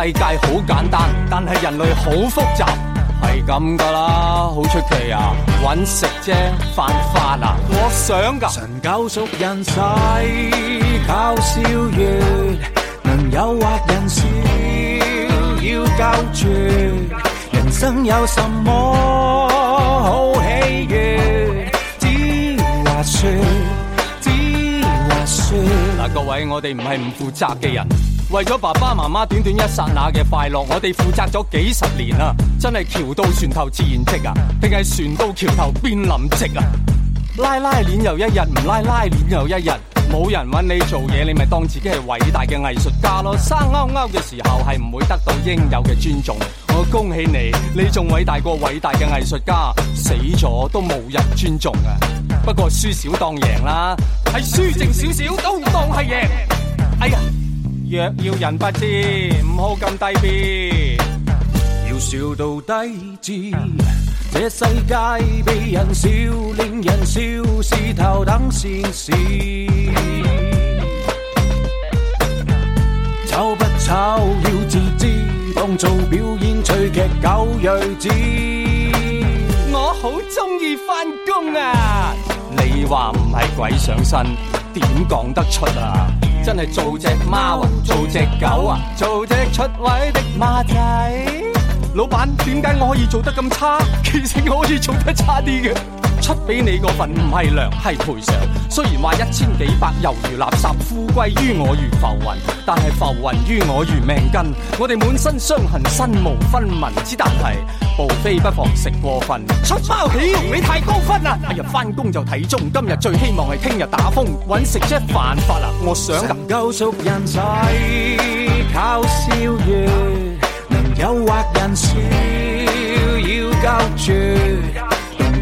世界好簡單，但係人類好複雜，係咁㗎啦，好 出奇啊！搵食啫，犯法啊！我想㗎。神教熟人世搞笑月，能誘惑人是要救住。人生有什麼好喜悦？只話説，只話説。嗱， 各位，我哋唔係唔負責嘅人。為咗爸爸媽媽短短一剎那嘅快樂，我哋負責咗幾十年啦，啊！真係橋到船頭自然直啊，定係船到橋頭變林直啊？拉拉鏈又一日，唔拉拉鏈又一日，冇人搵你做嘢，你咪當自己係偉大嘅藝術家咯！生勾勾嘅時候係唔會得到應有嘅尊重，我恭喜你，你仲偉大過偉大嘅藝術家，死咗都冇人尊重啊！不過輸少當贏啦，係輸剩少少，少都當係贏，哎呀！若要人不知，唔好咁低 b，要笑到低智。這世界被人笑，令人笑是頭等善事。醜 不醜要自知，當做表演趣劇狗瑞子。我好中意翻工啊！你話唔係鬼上身，點講得出啊？真係做隻貓啊，做隻狗啊，做隻出位的馬仔。老闆，點解我可以做得咁差？其實我可以做得差啲嘅。出俾你個份唔係糧係賠償，雖然話一千幾百猶如垃圾，富貴於我如浮雲，但係浮雲於我如命根。我哋滿身傷痕，身無分文，之但係無非不妨食過份。出包險你太高分啦！哎呀，翻工就睇中，今日最希望係聽日打風揾食啫，犯法啦！我想啊，能夠熟人仔靠笑語，能誘惑人笑要救住。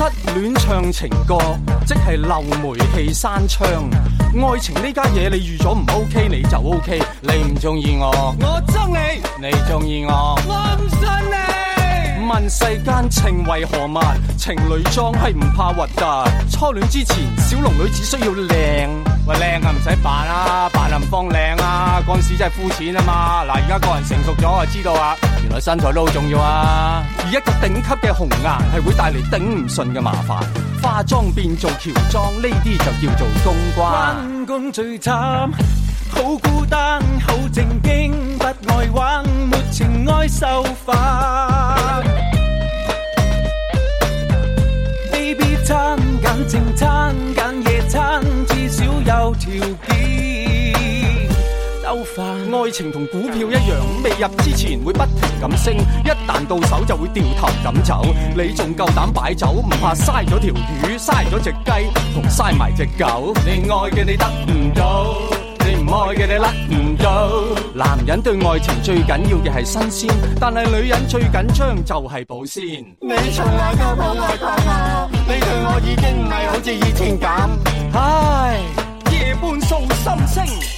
失戀唱情歌，即係漏煤氣山槍。愛情呢家嘢你預咗唔 OK，你就 OK。你唔中意我，我憎你；你中意我，我唔信你。問世間情為何物？情侶裝係唔怕核突。初戀之前，小龍女只需要靚。靚啊，唔使扮啊，扮就唔方靚啊，嗰陣時真係膚淺啊嘛！嗱，而家個人成熟咗就知道啊，原來身材都好重要啊。而一個頂級嘅紅顏係會帶嚟頂唔順嘅麻煩，化妝變做喬裝，呢啲就叫做公關。翻工，最慘，好孤單，好正經，不愛玩，沒情愛受反。愛情同股票一樣，未入之前會不停咁升，一旦到手就會掉頭咁走。你仲夠膽擺酒，唔怕嘥咗條魚，嘥咗隻雞，同嘥埋隻狗。你愛嘅你得唔到，你唔愛嘅你甩唔到。男人對愛情最緊要嘅係新鮮，但係女人最緊張就係保鮮。你從來冇愛過我呀，你對我已經唔係好似以前咁。唉，夜半訴心聲。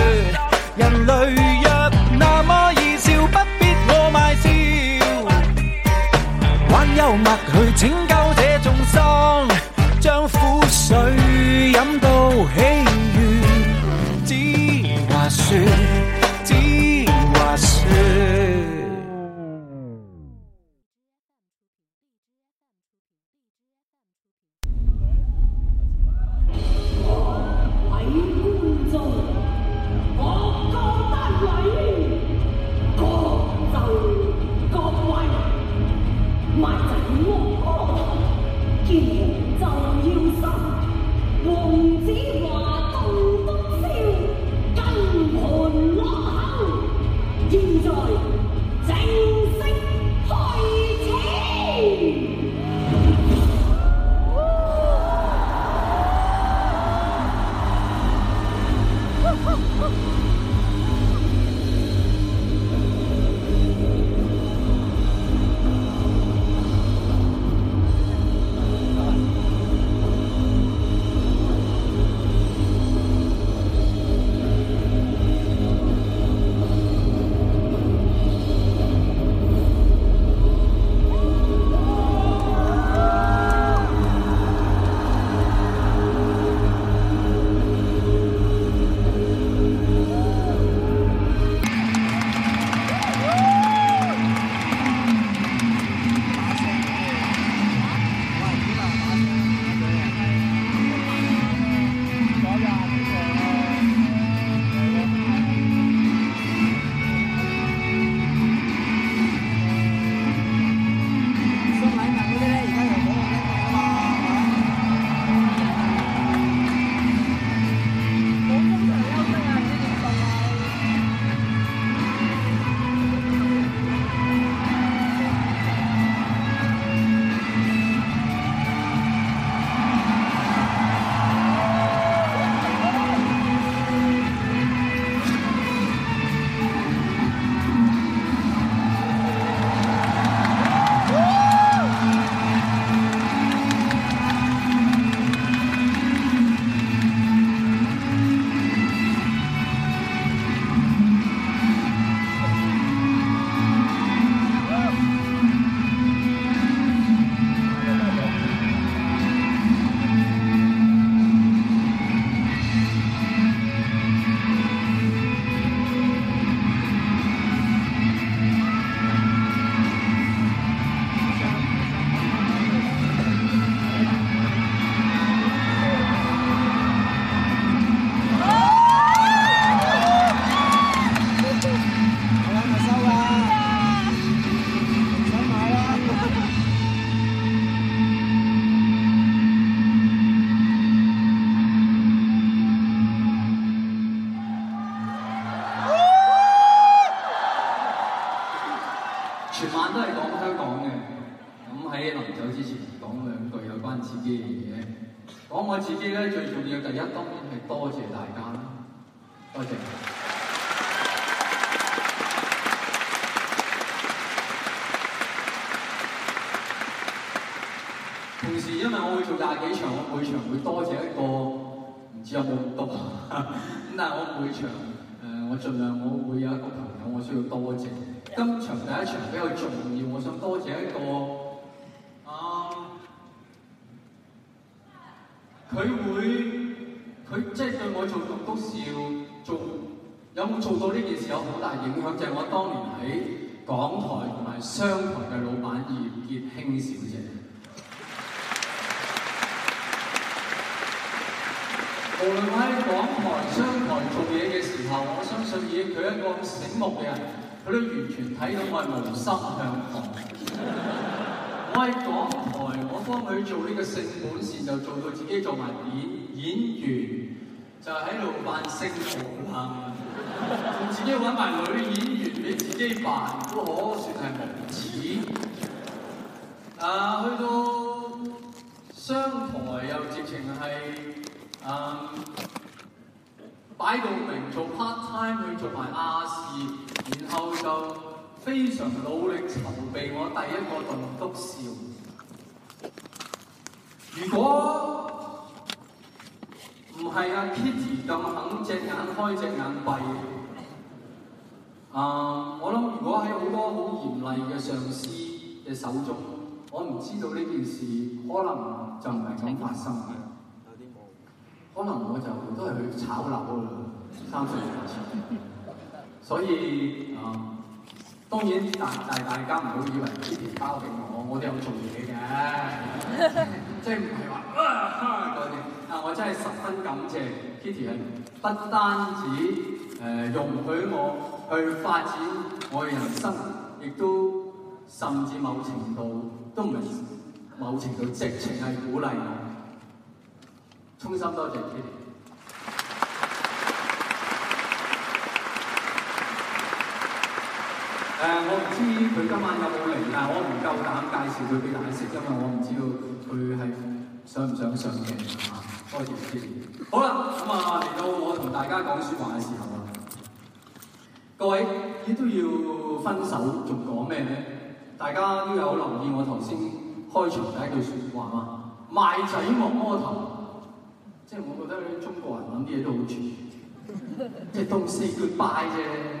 默默去拯救這眾生，將苦水飲到喜悅，只話說。自己咧，最重要第一，當然係多謝大家啦。多謝。平 時因為我會做廿幾場，我每場會多謝一個，唔知有冇咁多。咁 但係我每場誒、呃，我儘量我會有一個朋友，我需要多謝。 今場第一場比較重要，我想多謝一個。佢會，佢即係對我做咁多事做，有冇做到呢件事有好大影響？就係我當年喺港台同埋商台嘅老闆葉潔興小姐。 無論喺港台、商台做嘢嘅時候，我相信以佢一個咁醒目嘅人，佢都完全睇到我係無心向學。 我喺港台，我幫佢做呢個性本事，就做到自己做埋演演員，就喺度扮性紅杏，啊、自己揾埋女演員俾自己扮，都可算係無恥。啊，去到商台又直情係啊，擺到明做 part time 去做埋亞視，然後就。非常努力籌備我第一個棟篤笑。如果唔係阿 Kitty 咁肯隻眼開隻眼閉，啊、 uh，我諗如果喺好多好嚴厲嘅上司嘅手中，我唔知道呢件事可能就唔係咁發生嘅。 可能我就都係去炒樓啦，三歲以前。 所以啊。Uh, 當然，但係大家唔好以為 Kitty 包定我，我哋有做嘢嘅，即係唔係話多謝啊，我真係十分感謝 Kitty，係不單止誒、呃、容許我去發展我嘅人生，亦都甚至某程度都唔係某程度直情係鼓勵我，衷心多謝 Kitty。誒、呃，我唔知佢今晚有冇嚟，但係我唔夠膽介紹佢俾大家食，因為我唔知道佢係想唔想上鏡啊！多謝主持人。好啦，咁、嗯、啊，嚟到我同大家講説話嘅時候啦，各位，亦都要分手仲講咩咧？大家都有留意我頭先開場第一句説話嘛？賣 仔莫摸頭，即係我覺得中國人諗啲嘢都好絕， 即係 Don't say goodbye 啫。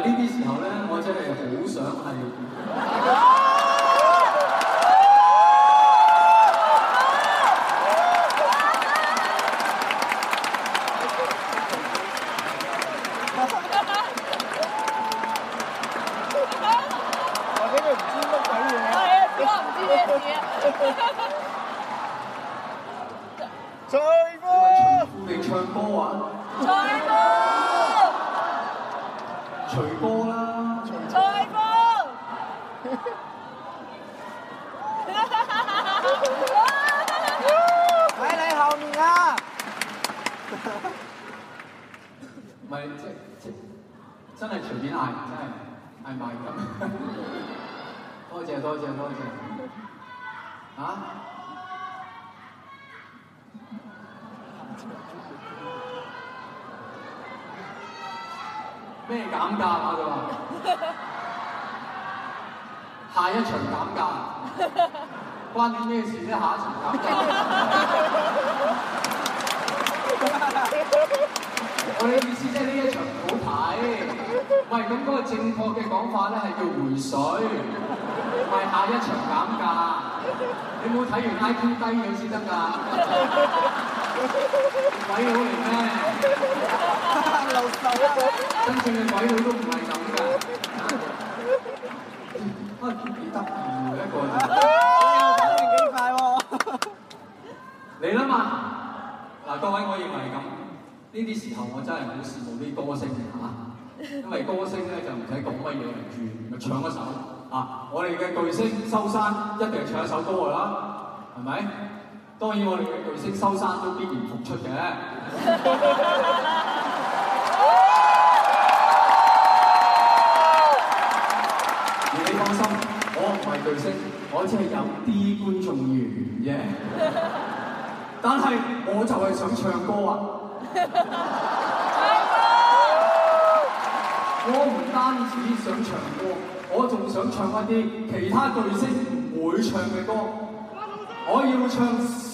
呢啲時候咧，我真係好想係。即收山都必然復出嘅， 你放心，我唔係巨星，我只係有啲觀眾緣啫。 但係我就係想唱歌啊！唱歌，我唔單止想唱歌，我仲想唱一啲其他巨星唔會唱嘅歌， 我要唱。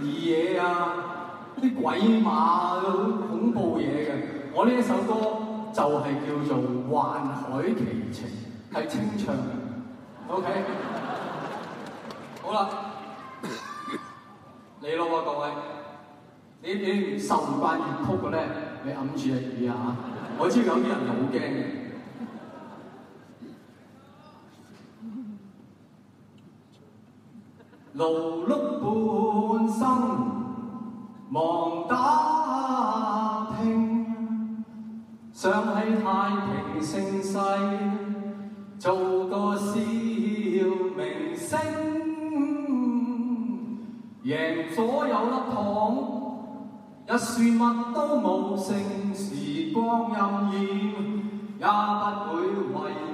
二嘢啊！啲鬼馬嗰種恐怖嘢嘅，我呢一首歌就係叫做《幻海奇情》，係清唱嘅，OK？好啦，嚟咯各位，你你受唔慣粵曲嘅咧，你揞住隻耳啊！我知有啲人好驚嘅。勞碌半生，忙打拼，想起太平盛世做個小明星，贏所有粒糖，一輸乜都冇剩，時光荏苒，也不會為。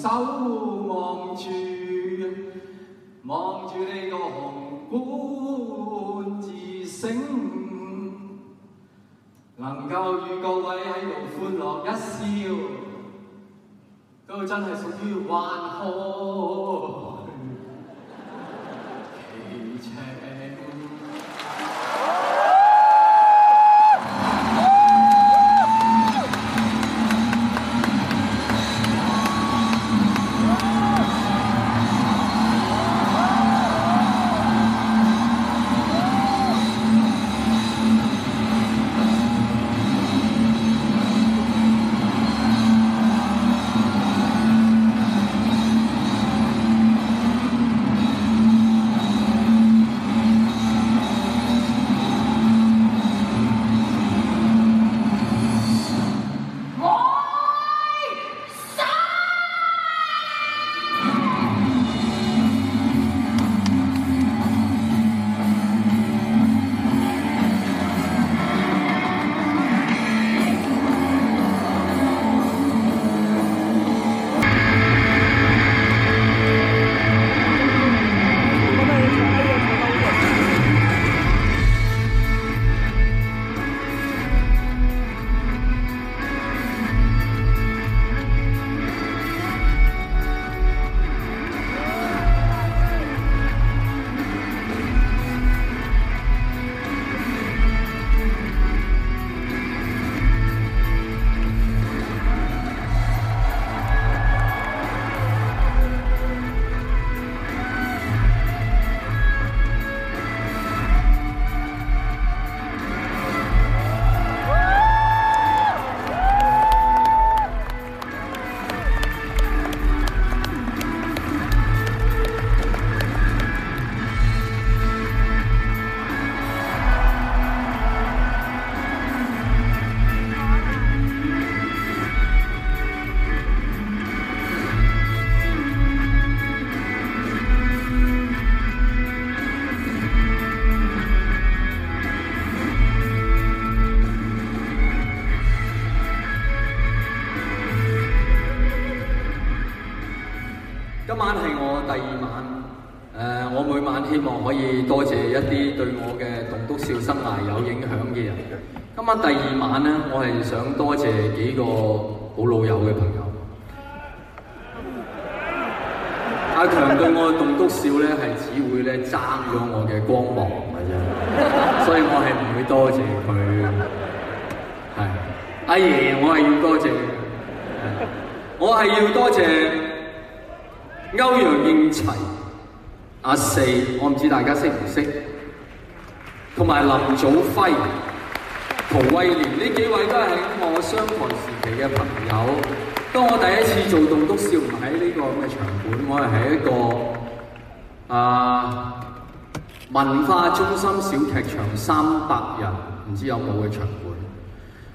守望住，望住呢個紅館，自省，能夠與各位喺度歡樂一笑，都真係屬於幻海奇情。希望可以多謝一啲對我嘅棟篤笑生涯有影響嘅人。今晚第二晚咧，我係想多謝幾個好老友嘅朋友。阿強對我嘅棟篤笑咧，係只會咧爭咗我嘅光芒嘅啫，所以我係唔會多謝佢。係，阿爺我係要多謝，我係要多謝歐陽應齊阿四。林祖輝、陶慧蓮呢幾位都係我商台時期嘅朋友。當我第一次做棟篤笑唔喺呢個咁嘅場館，我係喺一個啊文化中心小劇場三百人，唔知有冇嘅場館。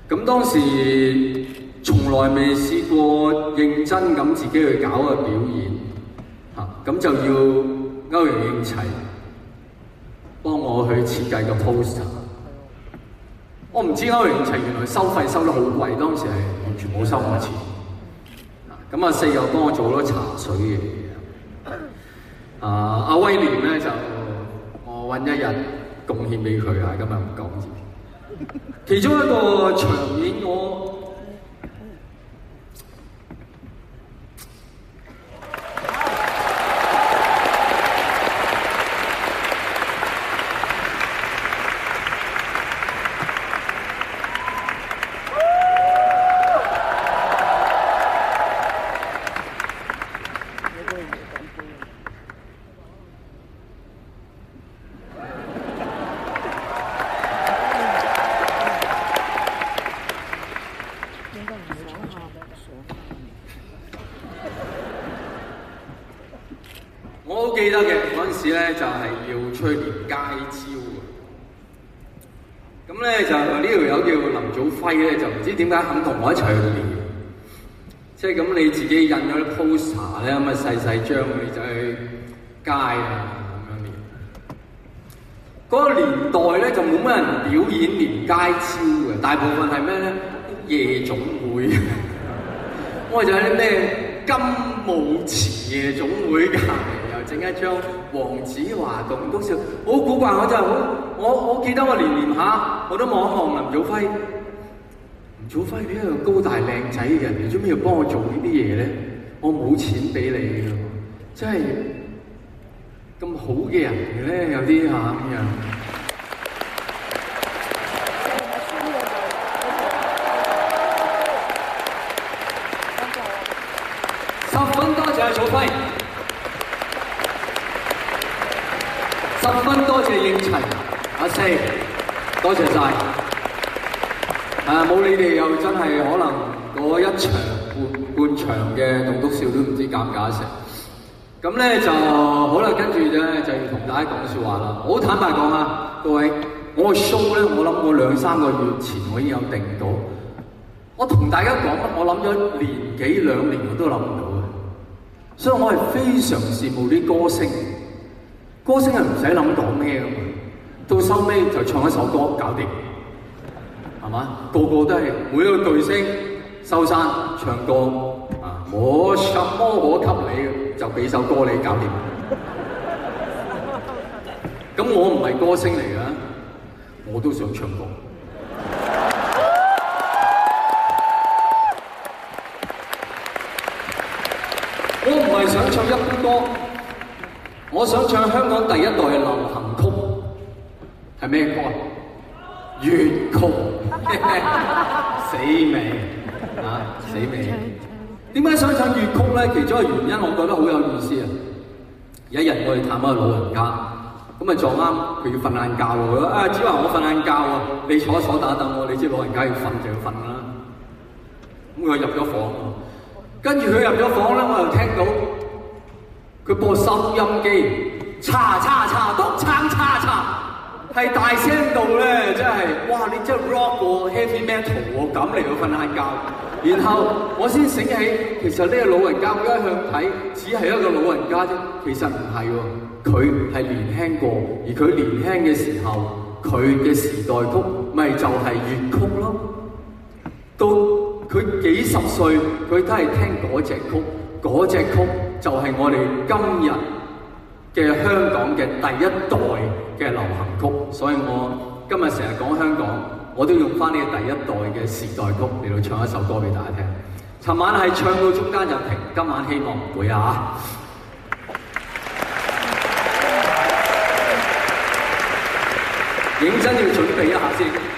咁當時從來未試過認真咁自己去搞個表演，嚇、啊、咁就要歐陽應齊。幫我去設計個 poster，嗯、我唔知歐陽晴原來收費收得好貴，當時係完全冇收我錢。咁阿四又幫我做咗茶水嘅嘢。啊，阿威廉咧就我揾一日貢獻俾佢啊，今日唔講。其中一個場面我。嗯嗯、即係咁你自己印咗啲 poster 咧， 咁啊細細張你就去街啊咁樣面。嗰、那個年代咧就冇乜人表演連街招嘅，大部分係咩咧？夜總會， 我就喺啲咩金舞池夜總會隔籬又整一張黃子華同都少好古怪，我真係好我我記得我年年，年下我都望一望林祖輝。係靚仔嘅，你做咩要幫我做呢啲嘢呢？我冇錢俾你啊！真係咁好嘅人嚟咧，有啲嚇啊！ 咁咧就好啦，跟住咧就要同大家講説話啦。好坦白講啊，各位，我個 show 咧，我諗我兩三個月前我已經有定到。我同大家講，我諗咗年幾兩年我都諗唔到嘅。所以我係非常羨慕啲歌星。歌星係唔使諗講咩嘅，到收尾就唱一首歌搞掂，係嘛？個個都係每一個巨星收山唱歌啊！我什麼可給你就俾首歌你搞掂。咁我唔係歌星嚟㗎，我都想唱歌。我唔係想唱一般歌，我想唱香港第一代流行曲，係咩歌啊？粵曲，死命啊，死命。點解想唱粵曲咧？其中一個原因，我覺得好有意思啊！有一日，我哋探下老人家，咁啊撞啱佢要瞓晏覺咯。啊，只話我瞓晏覺啊，你坐一坐等等我。你知老人家要瞓就要瞓啦。咁佢入咗房，跟住佢入咗房咧，我就聽到佢播收音機，查查查多，撐查，查查。係大聲到呢，真係哇！你真係 rock 過 happy metal，我咁嚟去瞓晏覺。 然後我先醒起，其實呢個老人家我一向睇只係一個老人家啫。其實唔係喎，佢係年輕過，而佢年輕嘅時候，佢嘅時代曲咪就係粵曲咯。到佢幾十歲，佢都係聽嗰隻曲，嗰隻曲就係我哋今日。嘅香港嘅第一代嘅流行曲，所以我今日成日講香港，我都用翻呢個第一代嘅時代曲嚟到唱一首歌俾大家聽。尋晚係唱到中間就停，今晚希望唔會啊！認真要準備一下先。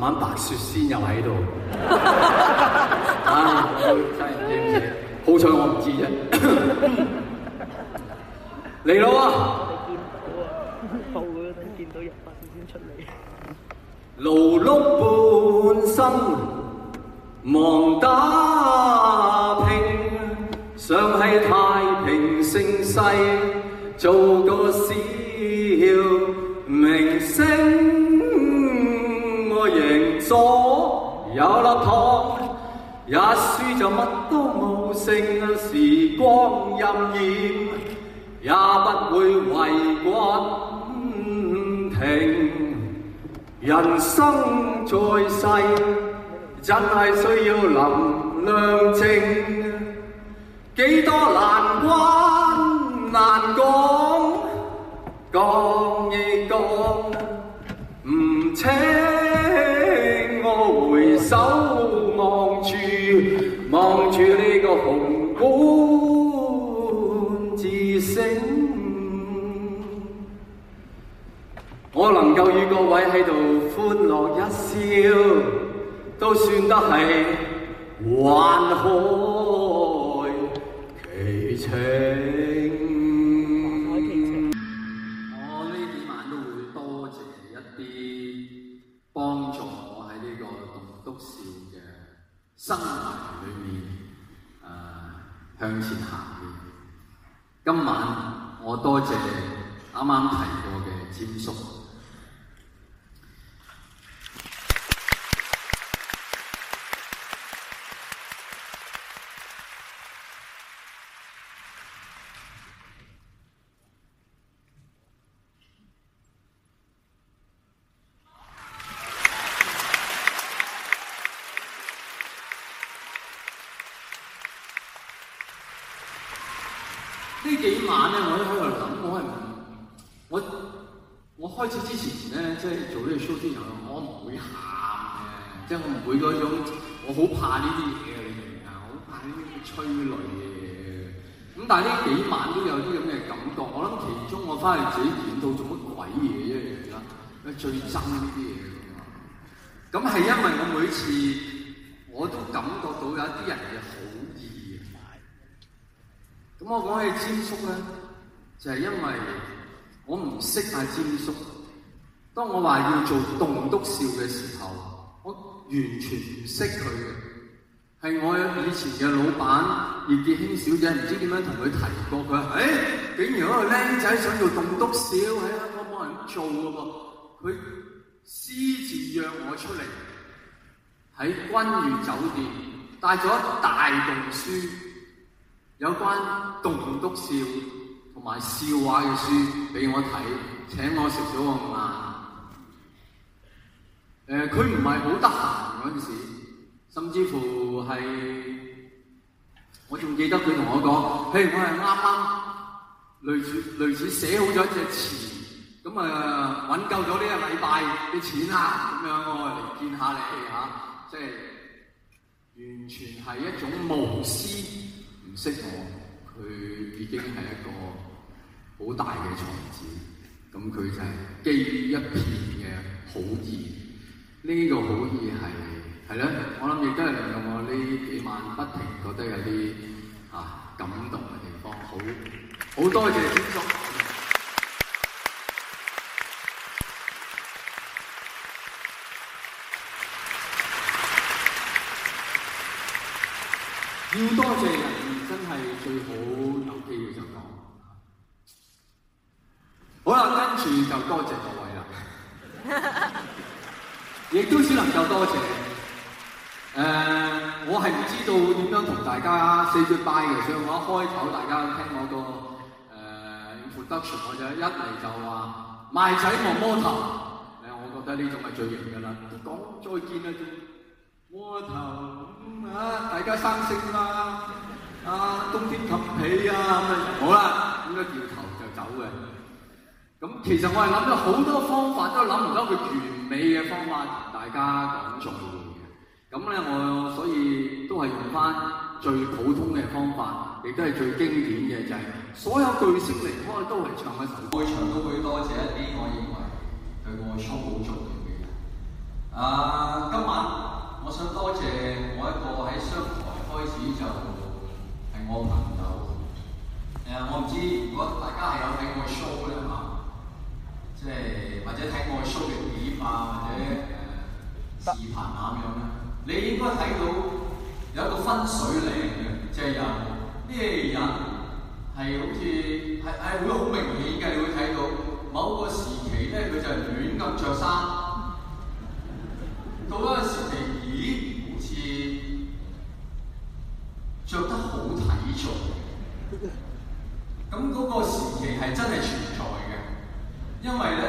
晚白雪仙又喺度，啊！真係啲嘢，好彩我唔知啫。嚟咯！我哋見到啊，到嗰陣見到人品先出嚟。勞碌半生，忙打拼，想喺太平盛世做個小明星。有粒糖，一輸就乜都冇剩啊，時光荏苒，也不會為君停。人生在世，真係需要能量靜，幾多難關難講，講亦講唔清。守望住，望住呢個紅觀之星，我能夠與各位喺度歡樂一笑，都算得係幻海奇情。生活裏面，呃，向前行嘅。今晚我多謝你啱啱提過嘅詹叔。催淚嘅，咁但係呢幾晚都有啲咁嘅感覺，我諗其中我翻去自己檢討做乜鬼嘢一，而家，最憎呢啲嘢㗎嘛。咁係因為我每次我都感覺到有一啲人嘅好意嘅，咁我講起詹叔咧，就係因為我唔識阿詹叔。當我話要做棟篤笑嘅時候，我完全唔識佢嘅。係我以前嘅老闆葉傑興小姐，唔知點樣同佢提過，佢話、哎：，竟然嗰個僆仔想做棟篤笑，喺香港冇人做嘅喎，佢私自約我出嚟，喺君悅酒店帶咗一大棟書，有關棟篤笑同埋笑話嘅書俾我睇，請我食咗個飯。誒、呃，佢唔係好得閒嗰陣時。甚至乎係，我仲記得佢同我講：，譬如我係啱啱類似類似寫好咗一隻詞，咁啊揾夠咗呢個禮拜啲錢啊，咁樣我嚟見下你嚇、啊，即係完全係一種無私，唔識我，佢已經係一個好大嘅財子，咁佢就係基於一片嘅好意，呢、個個好意係。係咧，我諗亦都係令到我呢幾晚不停覺得有啲啊感動嘅地方，好好多謝天叔。要多謝人，真係最好有機會就講。好啦，跟住就多謝各位啦。亦都只能夠多謝。誒、呃，我係唔知道點樣同大家 say goodbye 嘅，所以我一開頭大家聽我個誒 Production，我就一嚟就話賣仔莫摸頭，誒、呃，我覺得呢種係最型嘅啦，都講再見啦，仲摸頭咁、嗯、啊，大家生性啦，啊，冬天冚被啊，咁、嗯、啊，好啦，咁樣掉頭就走嘅。咁、嗯、其實我係諗咗好多方法，都諗唔到一個完美嘅方法同大家講做。咁咧，我所以都係用翻最普通嘅方法，亦都係最經典嘅，就係、是、所有巨星離開都係唱嘅時候，每場都會多謝一啲，我認為對我 show 好重要嘅。啊、uh,，今晚我想多謝我一個喺商台開始就係我朋友。誒、uh,，我唔知如果大家係有睇我 show 咧嚇，即係或者睇我 show 嘅碟或者視頻咁樣。你應該睇到有一個分水嶺嘅，即係有啲人係好似係係會好明顯嘅，你會睇到某個時期咧，佢就亂咁着衫；到咗個時期，咦，好似着得好體重。咁嗰個時期係真係存在嘅，因為咧，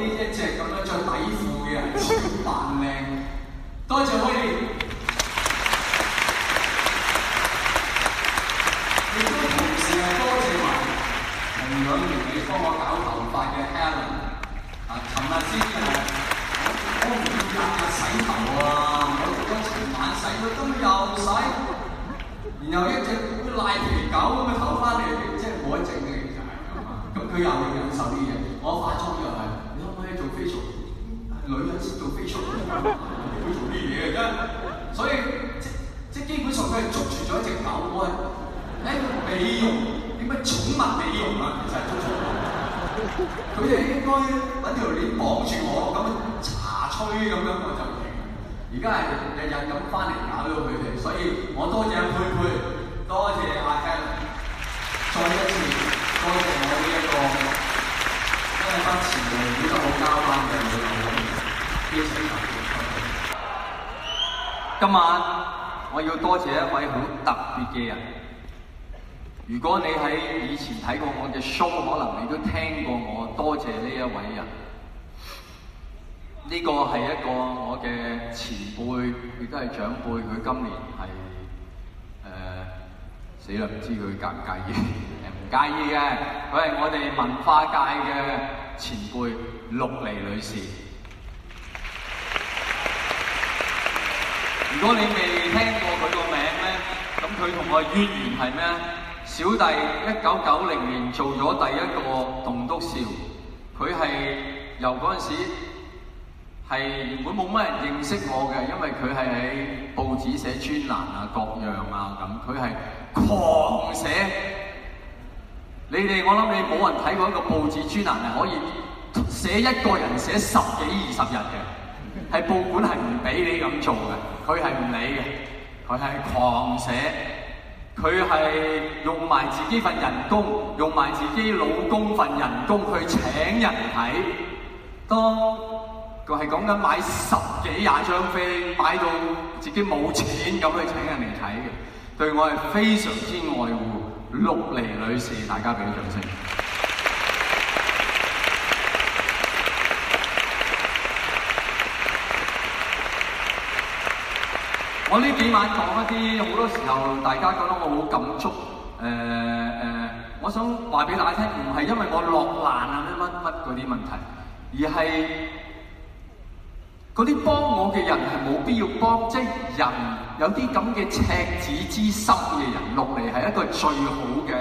呢一隻咁樣，著底褲嘅人係超扮靚。如果你喺以前睇過我嘅 show，可能你都聽過我多謝呢一位人。呢個係一個我嘅前輩，亦都係長輩。佢今年係誒死啦，唔知佢介唔介意？唔介意嘅，佢係我哋文化界嘅前輩陸離女士。如果你未聽過佢個名咧，咁佢同我淵源係咩？小弟一九九零年做咗第一個棟篤笑，佢係由嗰陣時係原本冇乜人認識我嘅，因為佢係喺報紙寫專欄啊、各樣啊咁，佢係狂寫。你哋我諗你冇人睇過一個報紙專欄係可以寫一個人寫十幾二十日嘅，係報館係唔俾你咁做嘅，佢係唔理嘅，佢係狂寫。佢係用埋自己份人工，用埋自己老公份人工去請人睇，當佢係講緊買十幾廿張飛，買到自己冇錢咁去請人嚟睇嘅，對我係非常之愛護，六厘女士，大家俾個掌聲。我呢幾晚講一啲好多時候，大家覺得我冇感觸。誒誒，我想話俾大家聽，唔係因為我落難啊乜乜乜嗰啲問題，而係嗰啲幫我嘅人係冇必要幫。即係人有啲咁嘅赤子之心嘅人落嚟，係一個最好嘅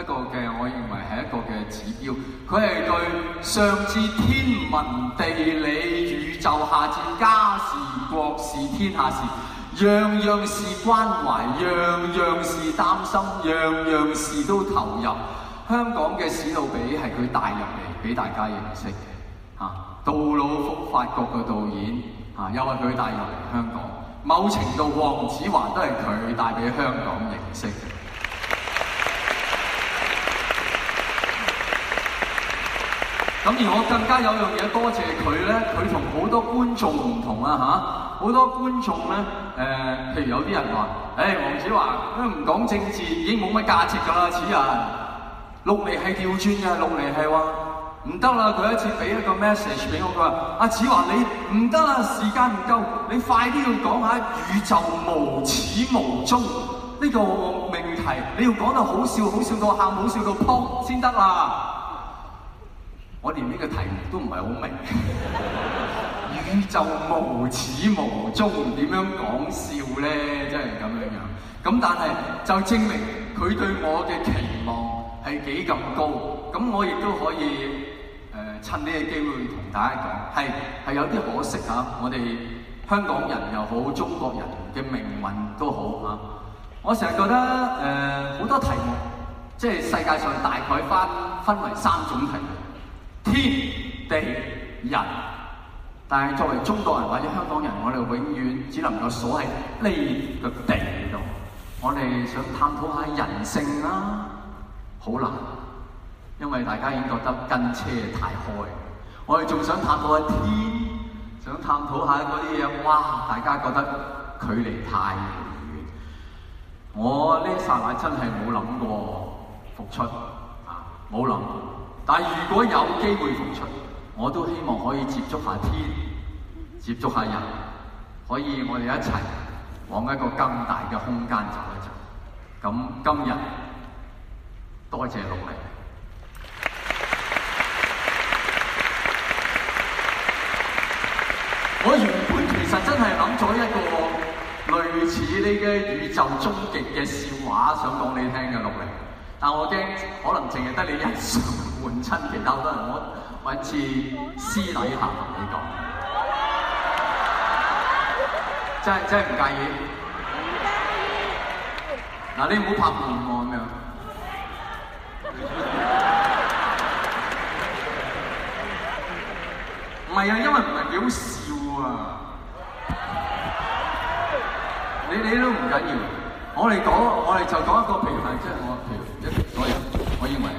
一個嘅，我認為係一個嘅指標。佢係對上至天文地理宇宙，下至家事國事天下事。樣樣是關懷，樣樣是擔心，樣樣是都投入。香港嘅史努比係佢帶入嚟，俾大家認識嘅。啊，杜魯福法國嘅導演，啊，因為佢帶入嚟香港，某程度王子華都係佢帶俾香港認識嘅。咁而我更加有樣嘢多謝佢咧，佢同好多觀眾唔同啊嚇！好多觀眾咧，誒、呃，譬如有啲人話：誒、欸，黃子華唔講政治已經冇乜價值㗎啦，此人，陸離係調轉㗎，陸離係話唔得啦！佢一次俾一個 message 俾我，佢話：阿、啊、子華你唔得啦，時間唔夠，你快啲要講下宇宙無始無終呢、這個命題，你要講到好笑好笑到喊好笑到撲先得，得啦！我連呢個題目都唔係好明 就無無，宇宙無始無終，點樣講笑咧？真係咁樣樣。咁但係就證明佢對我嘅期望係幾咁高。咁我亦都可以誒、呃、趁呢個機會同大家講，係係有啲可惜嚇、啊。我哋香港人又好，中國人嘅命運都好嚇、啊。我成日覺得誒好、呃、多題目，即係世界上大概分分為三種題目。天地人，但係作為中國人或者香港人，我哋永遠只能夠鎖喺呢個地度。我哋想探討下人性啦，好難，因為大家已經覺得跟車太開。我哋仲想探討下天，想探討下嗰啲嘢，哇！大家覺得距離太遠。我呢一剎那真係冇諗過復出，啊，冇諗。但係如果有機會復出，我都希望可以接觸下天，接觸下人，可以我哋一齊往一個更大嘅空間走一走。咁今日多謝六零。 我原本其實真係諗咗一個類似你嘅宇宙終極嘅笑話，想講你聽嘅六零。但我驚，可能淨係得你一雙換親，其他好多人我揾次私底下同你講，真真係唔介意。嗱，你唔好拍門喎咁樣。唔係啊，因為唔係幾好笑啊。你你都唔緊要，我哋講，我哋就講一個平凡，即係我。我認為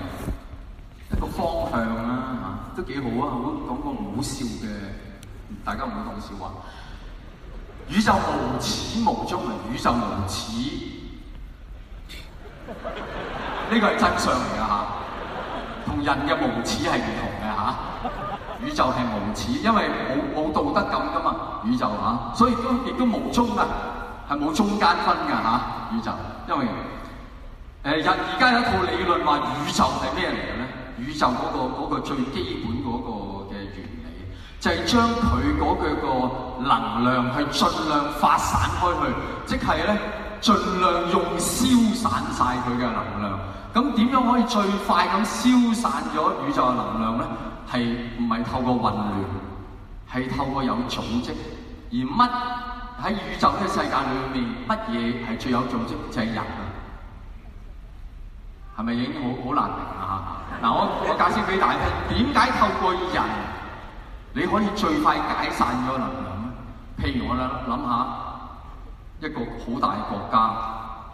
一個方向啦、啊，嚇、啊、都幾好啊！好講個唔好笑嘅，大家唔好當笑話。宇宙無始無終、啊，宇宙無始，呢個係真相嚟噶嚇。啊、人同人嘅無始係唔同嘅嚇。宇宙係無始，因為冇冇道德感噶嘛。宇宙嚇、啊，所以亦都、都無終啊。係冇中間分噶嚇、啊。宇宙因為。誒，人而家有一套理論話宇宙係咩嚟嘅咧？宇宙嗰個嗰個最基本個嘅原理，就係將佢個個能量係盡量發散開去，即係咧盡量用消散晒佢嘅能量。咁點樣可以最快咁消散咗宇宙嘅能量咧？係唔係透過混亂，係透過有組織，而乜喺宇宙嘅世界裏面，乜嘢係最有組織就係、是、人。係咪已經好好難明啊？嗱，我我解釋俾大家，點解透過人你可以最快解散咗能量咧？譬如我啦，諗下一個好大嘅國家，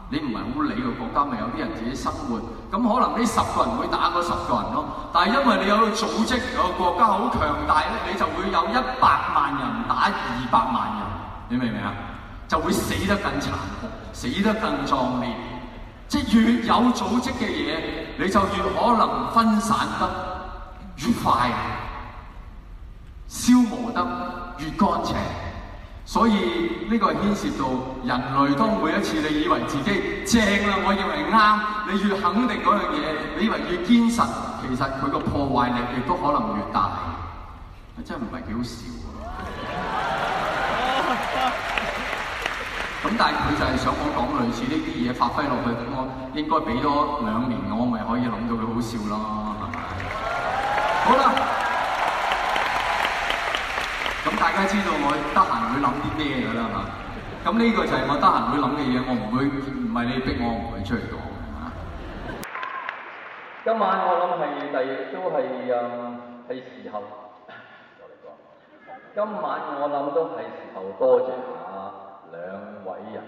你唔係好理個國家，咪有啲人自己生活，咁可能呢十個人會打嗰十個人咯。但係因為你有個組織，個國家好強大咧，你就會有一百萬人打二百萬人，你明唔明啊？就會死得更殘酷，死得更壯烈。即係越有組織嘅嘢，你就越可能分散得越快，消磨得越乾淨。所以呢個係牽涉到人類。當每一次你以為自己正啦，我以為啱，你越肯定嗰樣嘢，你以為越堅實，其實佢個破壞力亦都可能越大。真係唔係幾好笑。咁但係佢就係想我講類似呢啲嘢發揮落去，我應該俾多兩年，我咪可以諗到佢好笑咯，係咪？好啦，咁大家知道我得閒會諗啲咩㗎啦，係嘛？咁呢個就係我得閒會諗嘅嘢，我唔會唔係你逼我唔會出嚟講，係嘛？今晚我諗係第都係啊，係時候。今晚我諗都係時候多啫。人，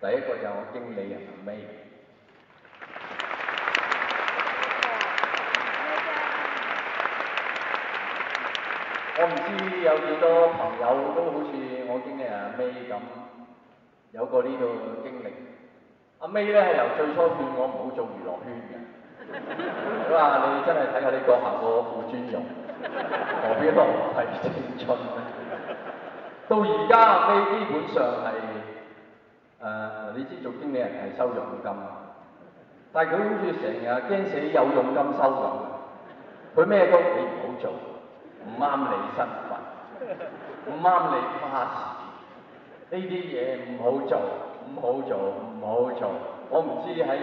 第一個就係我經理人阿 May。 我唔知有幾多朋友都好似我經理人阿 May 咁，有過呢個經歷。阿 May 咧，係由最初勸我唔好做娛樂圈嘅，佢話 你真係睇下呢個行過苦專用，何必邊度係青春。 到而家呢，基本上係誒、呃，你知做經理人係收佣金，但係佢好似成日驚死有佣金收咁，佢咩都你唔好做，唔啱你身份，唔啱你跨市，呢啲嘢唔好做，唔好做，唔好做。我唔知喺，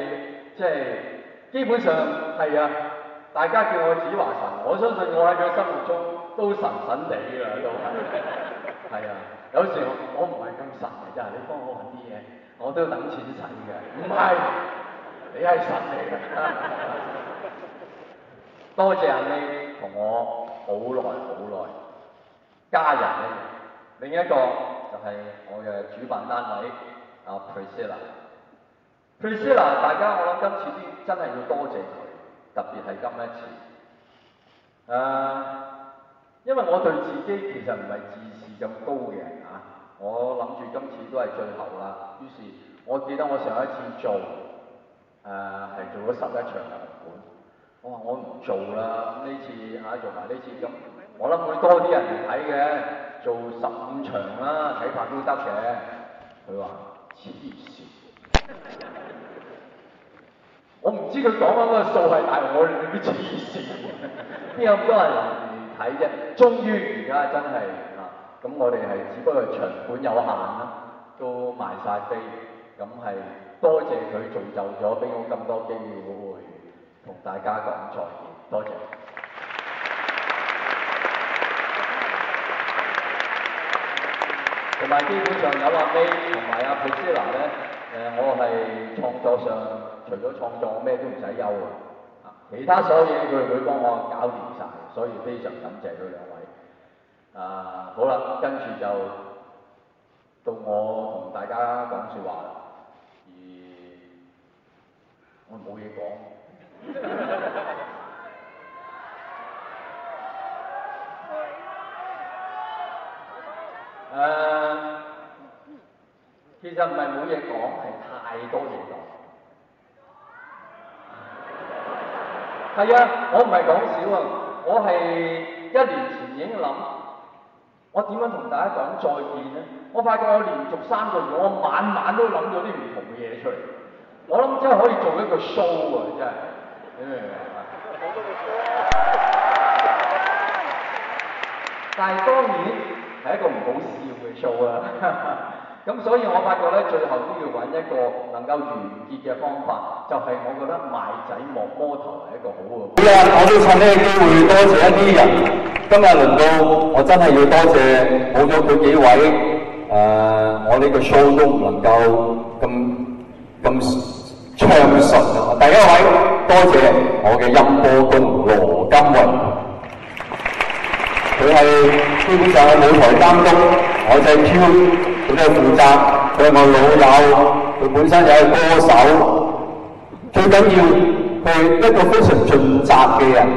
即、就、係、是、基本上係啊，大家叫我子華神，我相信我喺佢心目中都神神地啦，都係。 係啊，有時我我唔係咁神嘅，啫，係你幫我問啲嘢，我都要等錢使嘅。唔係，你係神嚟嘅。 多謝你同我好耐好耐。家人，另一個就係我嘅主辦單位啊 Priscilla，Priscilla，大家我諗今次啲真係要多謝佢，特別係今一次。誒、啊、因為我對自己其實唔係自信。咁高嘅人啊，我諗住今次都係最後啦。於是，我記得我上一次做，誒、呃、係做咗十一場嘅龍館。我話我唔做啦，咁呢次啊，做埋呢次咁，我諗會多啲人嚟睇嘅，做十五場啦、啊，睇法都得嘅。佢話：黐線 ，我唔知佢講緊個數係大我哋啲黐線，邊 有咁多人嚟睇啫？終於而家真係。咁我哋係只不過場館有限啦，啊，都賣晒飛，咁係多謝佢造就咗，俾我咁多機會我會同大家講再見，多謝。同埋基本上有阿威同埋阿佩斯拿咧，誒、呃、我係創作上除咗創作咩都唔使憂啊，其他所有嘢佢哋會幫我搞掂晒，所以非常感謝佢兩位。啊，好啦，跟住就到我同大家講説話啦，而我冇嘢講。誒、 啊，其實唔係冇嘢講，係太多嘢講。係 啊，我唔係講少啊，我係一年前已經諗。我點樣同大家講再見咧？我發覺我連續三個月，我晚晚都諗咗啲唔同嘅嘢出嚟。我諗真係可以做一個 show 啊！真係，你明唔明啊？但係當然係一個唔好笑嘅 show 啊！ 咁所以我發覺咧，最後都要揾一個能夠完結嘅方法，就係、是、我覺得賣仔莫摸頭係一個好嘅。我都趁呢個機會多謝一啲人。今日輪到我真係要多謝好多佢幾位。誒、呃，我呢個 show 都唔能夠咁咁暢順啊！第一位，多謝我嘅音波工羅金雲，佢係基本上舞台監督，我就係 Q。佢係負責，佢係我老友，佢本身又係歌手，最緊要佢係一個非常盡責嘅人。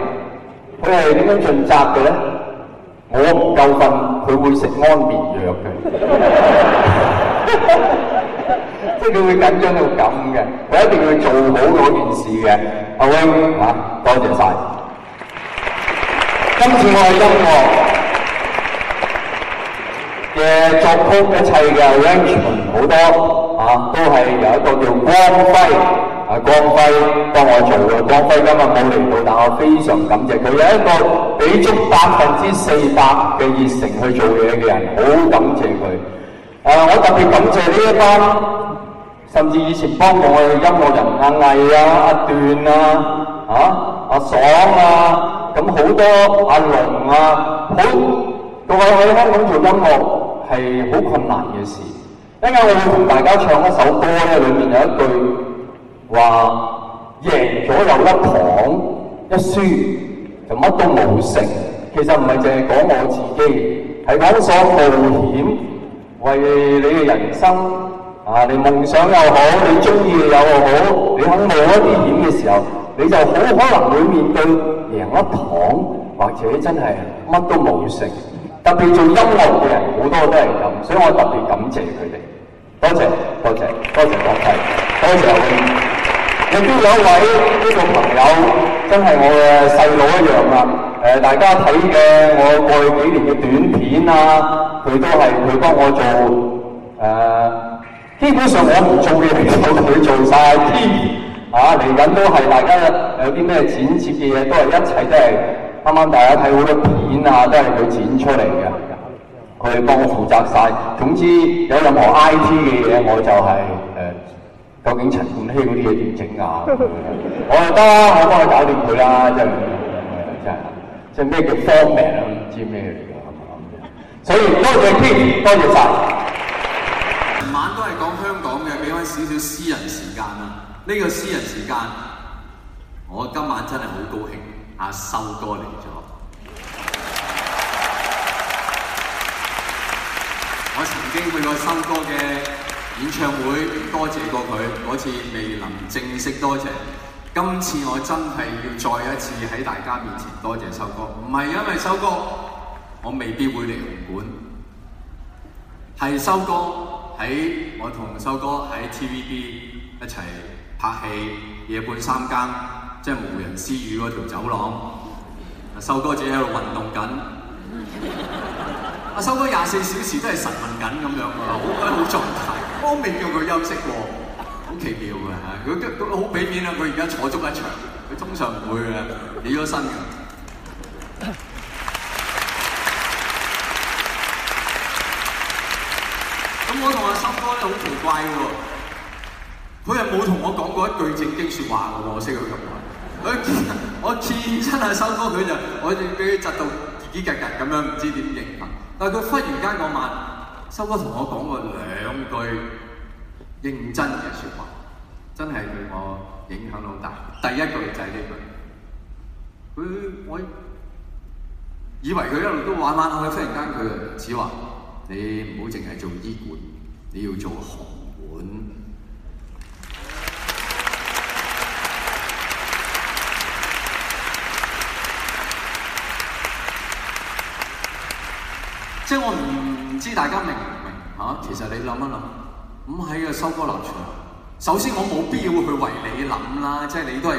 佢係點樣盡責嘅咧？我唔夠瞓，佢會食安眠藥嘅。即係佢會緊張到咁嘅，佢一定要做好嗰件事嘅。阿榮嚇，多謝晒。今次我係音樂嘅作曲一切嘅 arrangement 好多啊，都係有一個叫光輝啊，光輝幫我做嘅光輝，今日冇嚟到，但我非常感謝佢，有一個俾足百分之四百嘅熱誠去做嘢嘅人，好感謝佢。誒，我特別感謝呢一班，甚至以前幫助我嘅音樂人阿魏啊、阿段啊、啊阿爽啊，咁好多阿龍啊，好，各位喺香港做音樂係好困難嘅事。陣間，我會同大家唱一首歌咧，裡面有一句話：贏咗有粒糖，一輸就乜都冇成。其實唔係淨係講我自己，係講所冒險，為你嘅人生啊，你夢想又好，你中意又好，你肯冒一啲險嘅時候，你就好可能會面對贏粒糖，或者真係乜都冇成。特別做音樂嘅人好多都係咁，所以我特別感謝佢哋。多謝，多謝，多謝各位，多謝。應有一位呢個朋友真係我嘅細佬一樣啊！誒、呃，大家睇嘅我過去幾年嘅短片啊，佢都係佢幫我做誒、呃，基本上我唔做嘅其實，佢做晒。曬。 啊，嚟緊都係大家有啲咩剪接嘅嘢，都係一齊都係。啱啱大家睇好多片啊，都係佢剪出嚟嘅。佢哋幫我負責曬。總之有任何 I T 嘅嘢，我就係誒，究竟陳冠希嗰啲嘢點整啊？我又得，我幫佢搞掂佢啦。真係真係，即係咩叫方明啊？唔知咩嚟㗎？所以多謝天，多謝曬。今晚都係講香港嘅，俾返少少私人時間啦。呢個私人時間，我今晚真係好高興。阿、啊、修哥嚟咗，我曾經去過修哥嘅演唱會，多謝過佢，嗰次未能正式多謝。今次我真係要再一次喺大家面前多謝修哥，唔係因為修哥，我未必會嚟紅館，係修哥喺我同修哥喺 TVB 一齊拍戲，夜半三更。即係無人私語嗰條走廊，阿修哥自己喺度運動緊。阿修、 啊、哥廿四小時都係實運緊咁樣喎，好鬼好狀態。我未叫佢休息過，好奇妙嘅嚇。佢都好俾面啦，佢而家坐足一場，佢通常唔會嘅，起咗身㗎。咁 我同阿修哥咧好奇怪喎，佢又冇同我講過一句正經説話嘅喎，我識佢咁耐。我見，我見親阿修哥，佢就我仲俾佢窒到自己格格咁樣，唔知點應。但係佢忽然間嗰晚，修哥同我講過兩句認真嘅説話，真係對我影響好大。第一句就係呢句，佢我以為佢一路都玩玩下，佢忽然間佢就話：你唔好淨係做伊館，你要做紅館。即係我唔知大家明唔明嚇、啊？其實你諗一諗，咁喺個收哥立場，首先我冇必要去為你諗啦。即係你都係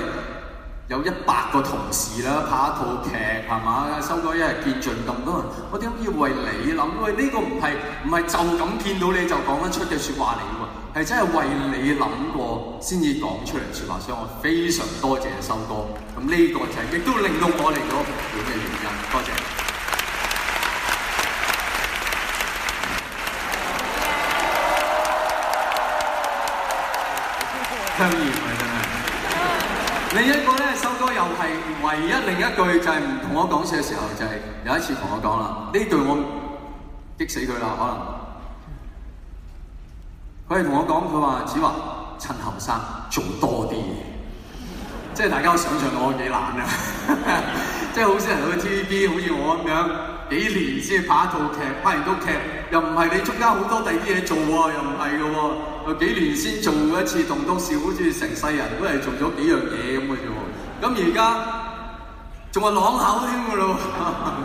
有一百個同事啦，拍一套劇係嘛？收哥一日見盡咁多人，我點解要為你諗？因為呢個唔係唔係就咁見到你就講得出嘅説話嚟嘅喎，係真係為你諗過先至講出嚟説話。所以我非常多謝收哥，咁呢個就係、亦都令到我嚟到日本嘅原因。多謝。香艷啊，真 另一個咧，首歌又係唯一另一句就係唔同我講笑嘅時候，就係、是、有一次同我講啦，呢句我激死佢啦，可能。佢係同我講，佢話子華趁後生做多啲嘢，即係大家想象到我幾懶啊， 即係好少人去 TVB，好似我咁樣幾年先拍一套劇，拍完套劇又唔係你中間好多第啲嘢做喎，又唔係嘅喎。幾年先做一次棟篤笑，好似成世人都係做咗幾樣嘢咁嘅啫喎。咁而家仲係朗口添㗎咯，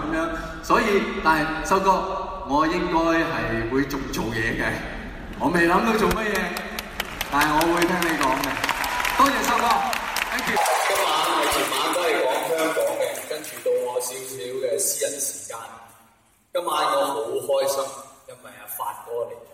咁樣。所以，但係修哥，我應該係會仲做嘢嘅。我未諗到做乜嘢，但係我會聽你講嘅。多謝修哥。Thank you. 跟住今晚我全晚都係講香港嘅，跟住到我少少嘅私人時間。今晚我好開心，因為阿發哥嚟。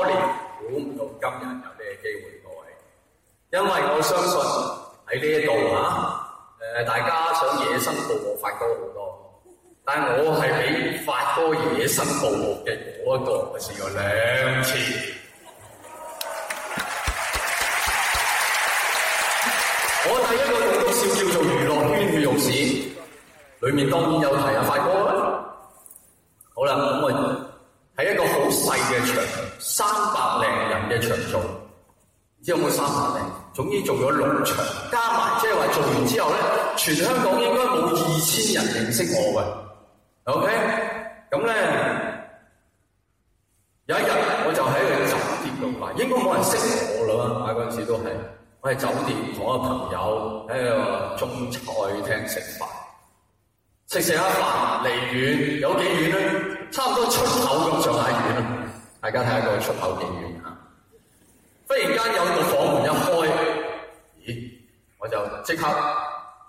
因為我相信喺呢一度嚇，誒大家想野生捕獲發哥好多，但係我係比發哥野生捕獲嘅嗰一個，我試過兩次。我第一個用到是叫做娛樂圈嘅用詞，裡面當然有提到發哥啦。好啦，咁我喺一個好細嘅場，三百零人嘅場中。之後冇三萬零，總之做咗六場，加埋即係話做完之後咧，全香港應該冇二千人認識我㗎，OK，咁咧有一日我就喺個酒店度埋，應該冇人識我啦，嗰陣時都係，我喺酒店同阿朋友喺個、哎、中菜廳食飯，食食下飯，離遠有幾遠咧？差唔多出口咁上下遠啦，大家睇下個出口幾遠。忽然間有個房門一開，咦？我就即刻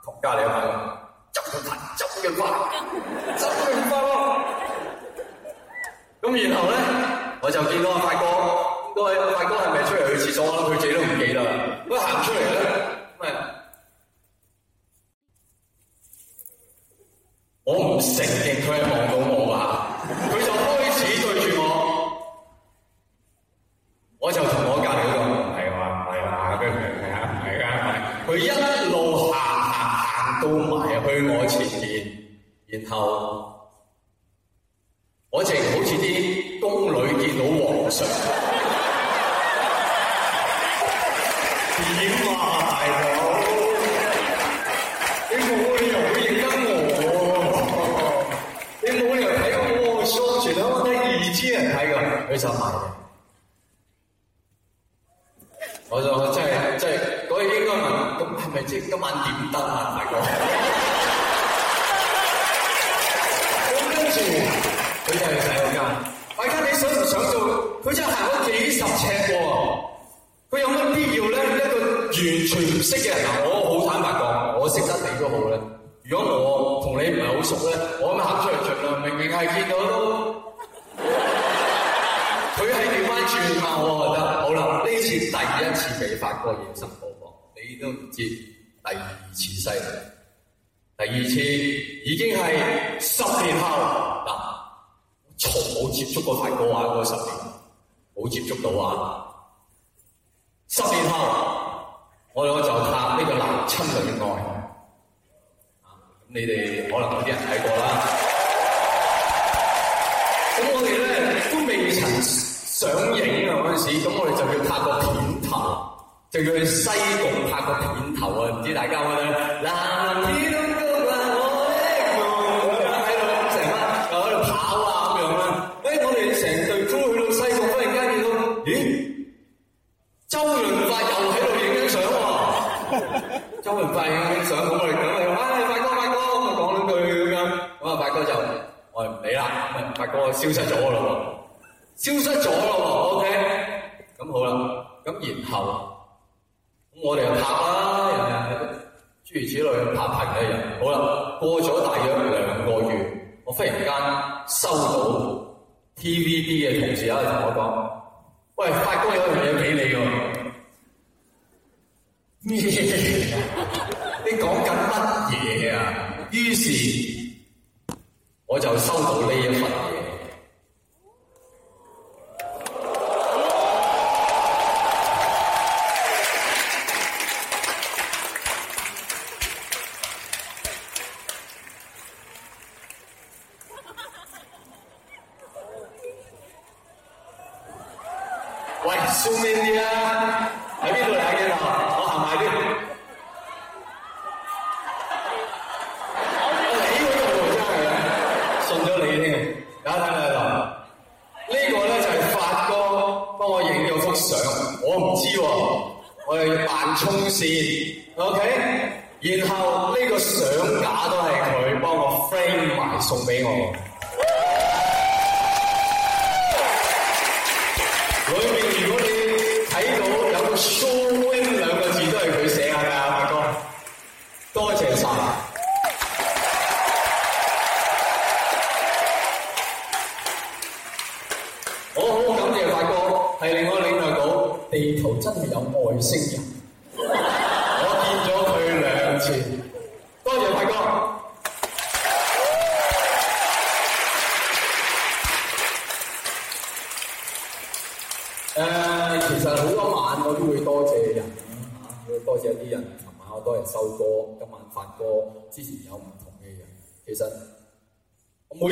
同隔籬個朋友執緊花，執緊花，執緊花喎！咁然後咧，我就見到阿發哥，應該阿發哥係咪出嚟去廁所啦？佢自己都唔記得啦，佢行出嚟咧，唔我唔承認佢係望到我啊！佢就開始對住我，我就同我隔。佢一路行行行到埋去我前面，然後我就好似啲宮女見到皇上，點 啊，大佬？你冇理由認得我喎，你冇理由睇我相傳啊嘛，得二千人睇嘅，佢就難嘅。我就真係真係，嗰、就是就是那個應該咪即今晚點得啊，大哥！咁 跟住佢就去洗手間。喂，大家你想唔想做？佢真係行咗幾十尺喎。佢有乜必要咧？一個完全唔識嘅人，嗱，我好坦白講，我識得你都好咧。如果我同你唔係好熟咧，我行出去盡量明明係見到，佢係轉翻轉頭。我覺得好啦，呢次第一次未發哥認真都唔知第二次世，第二次已經係十年後。嗱，嗯、從冇接觸過泰國話嗰十年，冇接觸到啊！十年後我哋我就拍呢個《男親女愛》，你哋可能有啲人睇過啦。咁 我哋咧都未曾上映啊嗰陣時，咁我哋就要拍個片頭。就去西貢拍個片頭啊！唔知大家覺得藍天高掛我的夢，咁喺度咁成班又喺度跑啊咁樣啊！誒，我哋成隊都去到西貢，忽然間見到咦？周潤發又喺度影緊相喎。周潤發影緊相咁，我哋咁佢話：，唉，發哥，發哥咁講兩句咁樣。咁啊，發哥就我哋唔理啦。咁啊，發哥消失咗啦喎，消失咗啦喎。OK，咁好啦，咁然後。咁、嗯、我哋又拍啦，諸如此類拍平一日。好啦，過咗大約兩個月，我忽然間收到 T V B 嘅同事喺度同我講：，喂，發哥有樣嘢俾你㗎。咩？你講緊乜嘢啊？於是我就收到呢一物。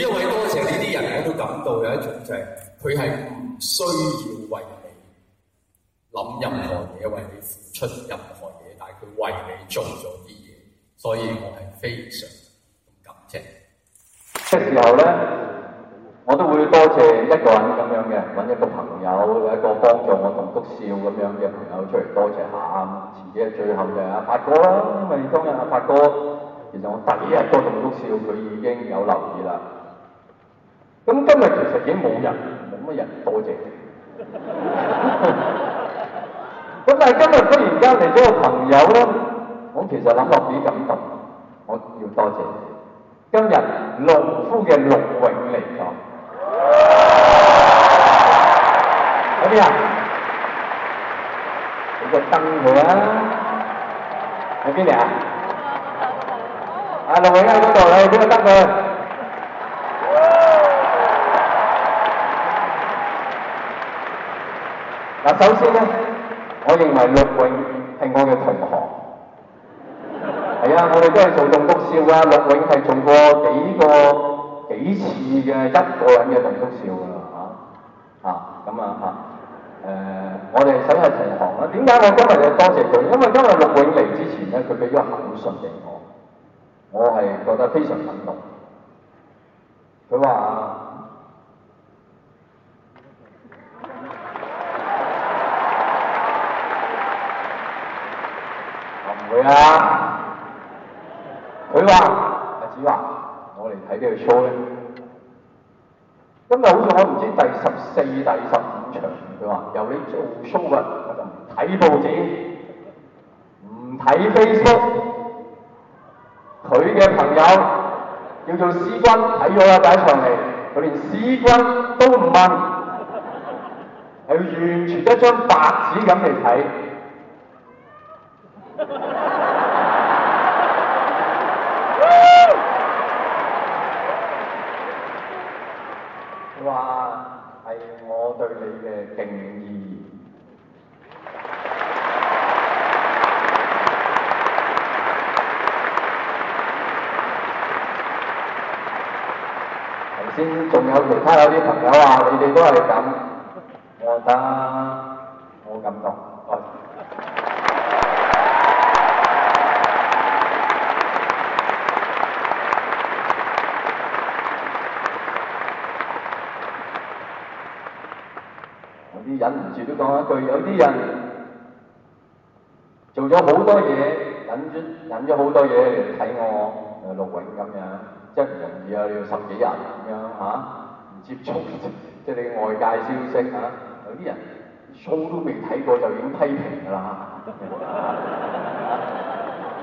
因為多謝呢啲人，我都感到有一種就係佢係唔需要為你諗任何嘢，為你付出任何嘢，但係佢為你做咗啲嘢，所以我係非常感謝。嘅時候咧，我都會多謝一個人咁樣嘅，揾一個朋友，一個幫助我同篤笑咁樣嘅朋友出嚟，多謝下。前幾日最後嘅阿發哥啦，因為當日阿發哥，其實我十幾日都同篤笑，佢已經有留意啦。咁今日其實已經冇人，冇乜人多謝。咁但係今日忽然間嚟咗個朋友囉，我其實諗落幾感動，我要多謝。今日農夫嘅陸永嚟咗。喺邊啊？俾個燈佢啊！喺邊度啊？阿陸永，喺嗰度，你，邊度得佢。嗱，首先咧，我認為陸永係我嘅同行，係啊，我哋都係做棟篤笑啊，陸永係做過幾個幾次嘅一個人嘅棟篤笑㗎啦嚇，啊咁啊嚇，誒我哋真係同行啊。點、呃、解我，我今日要多謝佢？因為今日陸永嚟之前咧，佢俾咗一封信畀我，我係覺得非常感動。佢話。係啊，佢話阿子華：我嚟睇你個 show 咧。今日好似我唔知第十四、第十五場，佢話由你做 show 啦。唔睇報紙，唔睇 Facebook。佢嘅朋友叫做思君睇咗第一場嚟，佢連思君都唔問，係完全一張白紙咁嚟睇。十幾人咁樣嚇，唔、啊、接觸，即、啊、係、就是、你外界消息嚇、啊，有啲人 show 都未睇過就已經批評㗎啦。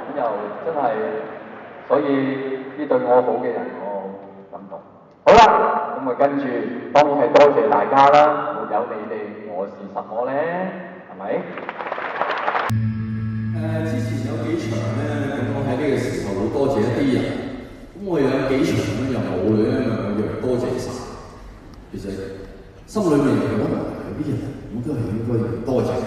咁又真係，所以呢對我好嘅人，我好感動。好啦，咁啊跟住，當然係多謝大家啦。沒有你哋，我是什麼咧？係咪？誒、呃，之前有幾場咧，咁我喺呢個時候會多謝一啲人。咁我又有幾場。其實心裏面可能係呢啲人，我都係應該多謝。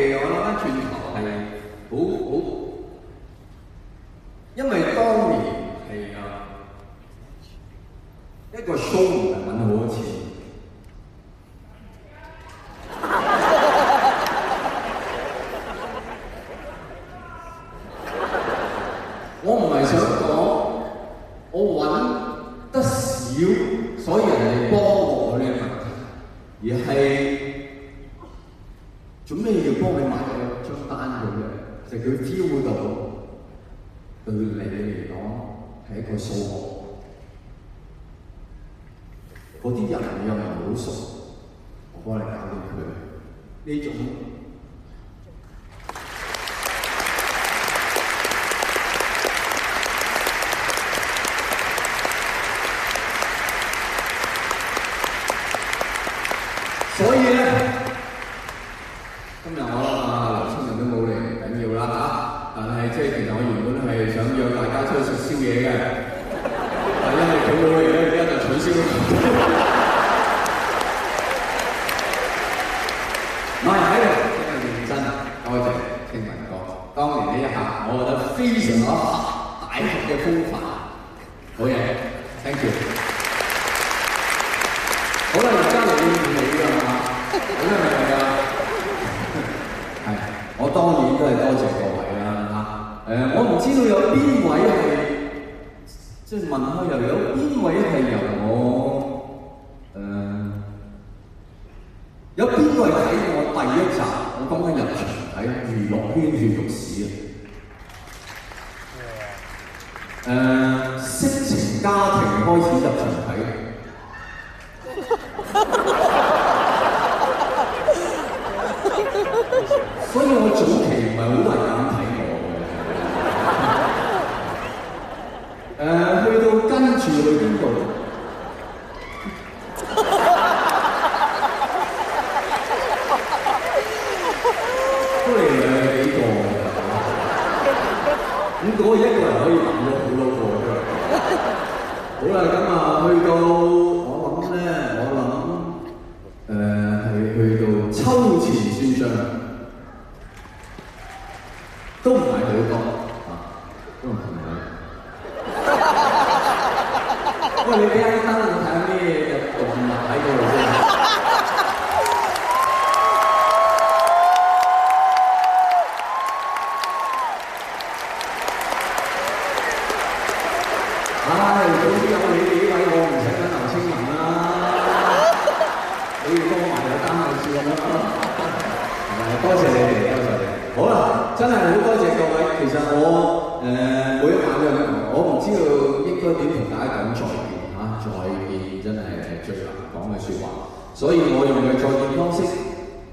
應該點同大家講再見啊，再見真係最難講嘅說話。所以我用嘅再見方式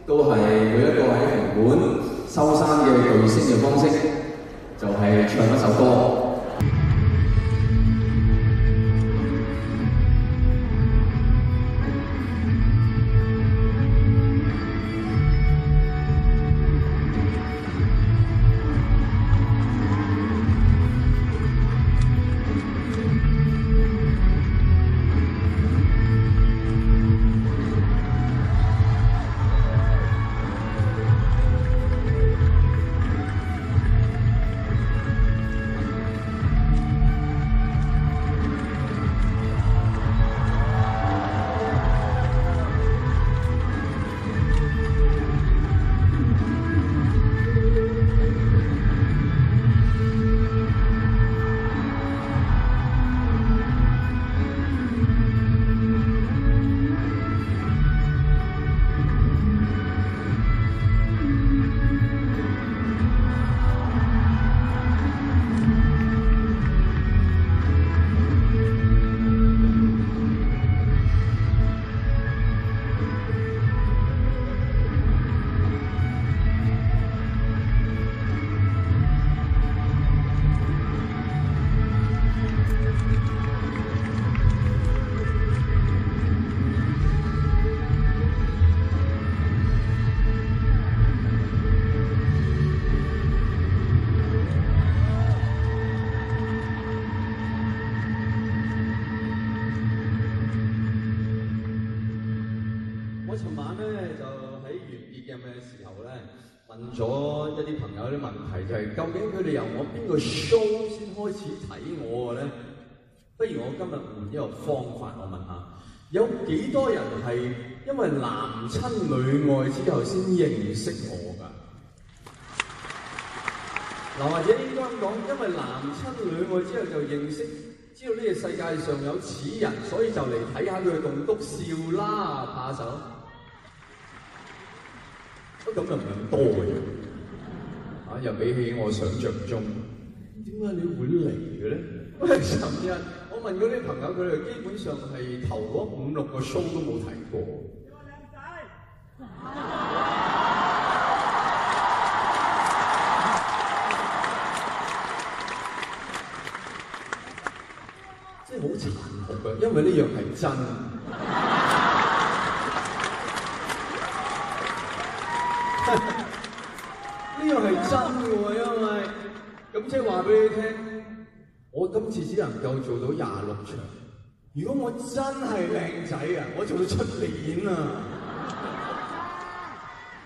都係每一個盤收山嘅最鮮嘅方式，就係唱一首歌。一個方法，我問下，有幾多人係因為男親女愛之後先認識我㗎？嗱， 或者應該咁講，因為男親女愛之後就認識，知道呢個世界上有此人，所以就嚟睇下佢嘅棟篤笑啦，怕手。 啊，咁又唔係咁多嘅，啊，又比起我想象中。點解 你會嚟嘅咧？十一。我問過啲朋友，佢哋基本上係頭嗰五、六個 show 都冇睇過，仔 真係好慘嘅，因為呢樣係真，呢樣係真嘅，因為咁即係話俾你聽。我今次只能夠做到廿六場。如果我真係靚仔啊，我做到出面啊，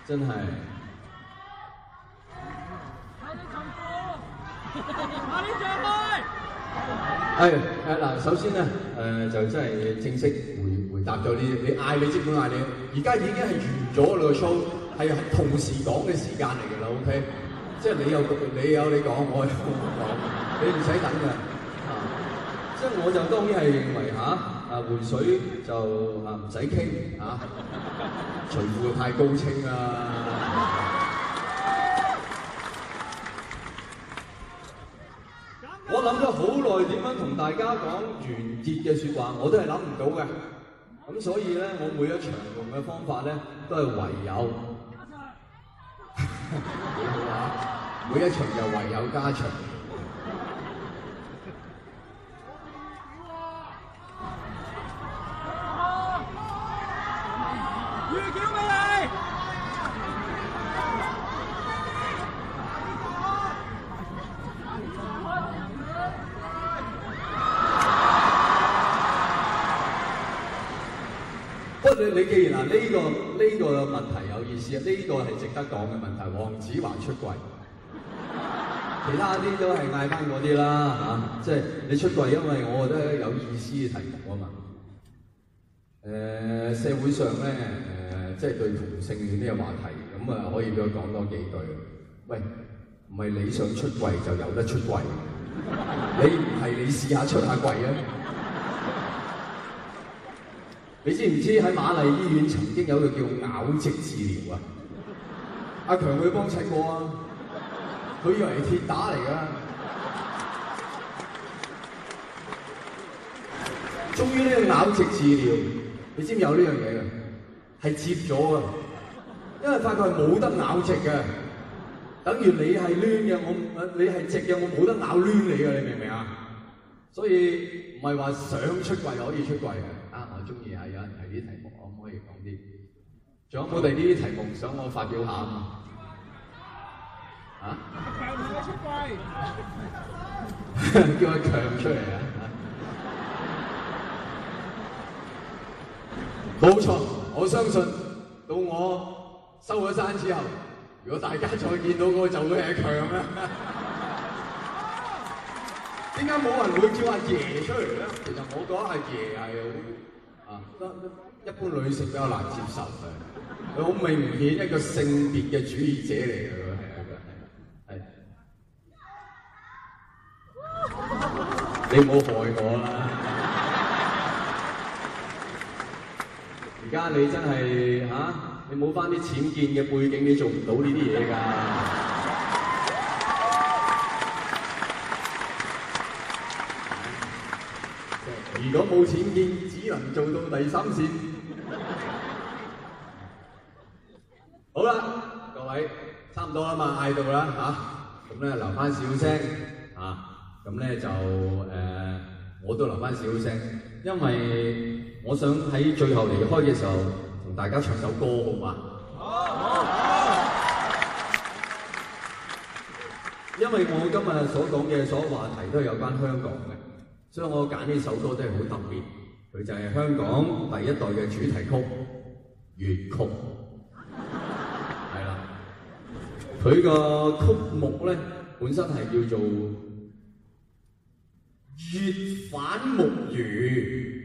真係。快啲嗱，首先咧，誒、呃、就真係正式回回答咗你，你嗌你即管嗌你，而家已經係完咗你個 show，係同時講嘅時間嚟㗎啦，OK。即係你有局，你有你講，我有我講，你唔使等嘅。即係我就當然係認為嚇，啊回水就啊唔使傾嚇，財富太高清啊！我諗咗好耐點樣同大家講完結嘅説話，我都係諗唔到嘅。咁所以咧，我每一場用嘅方法咧，都係唯有好好玩。每一場又唯有加場。預票啊！預票俾你。我哋，你記住啊，呢個呢個問題有意思，呢個係值得講嘅問題。黃子華出軌。其他啲都係嗌翻嗰啲啦嚇，即係你出櫃，因為我覺得有意思嘅題目啊嘛。誒、呃，社會上咧誒、呃，即係對同性戀呢個話題，咁啊可以俾佢講多幾句。喂，唔係你想出櫃就有得出櫃， 你唔係你試下出下櫃啊？你知唔知喺瑪麗醫院曾經有個叫拗直治療啊？阿強佢幫襯過啊？佢以為係鐵打嚟㗎， 終於呢個咬直治療，你知唔知有呢樣嘢㗎？係接咗㗎，因為發覺係冇得咬直嘅，等於你係攣嘅，我你係直嘅，我冇得咬攣你㗎，你明唔明啊？所以唔係話想出櫃就可以出櫃嘅。啱，我中意啊，有人提啲題目，我可以講啲。仲有冇哋呢啲題目想我發表下？啊、 叫阿強出嚟啊！冇 錯，我相信到我收咗山之後，如果大家再見到我，就會係強啦，啊。點解冇人會叫阿爺出嚟咧？其實我講阿爺係啊，一般女性比較難接受嘅，佢好明顯一個性別嘅主義者嚟嘅。你唔好害我啦！而家你真係嚇，你冇翻啲錢建嘅背景，你做唔到呢啲嘢㗎。如果冇錢建，只能做到第三線。好啦，各位，差唔多啦嘛，嗌到啦嚇，咁咧留翻少聲嚇。咁咧就誒、呃，我都留翻少少聲，因為我想喺最後離開嘅時候同大家唱首歌，好嘛？好，好！因為我今日所講嘅所有話題都係有關香港嘅，所以我揀呢首歌都係好特別，佢就係香港第一代嘅主題曲《粵曲》，係 啦， 佢個曲目咧本身係叫做月反木魚，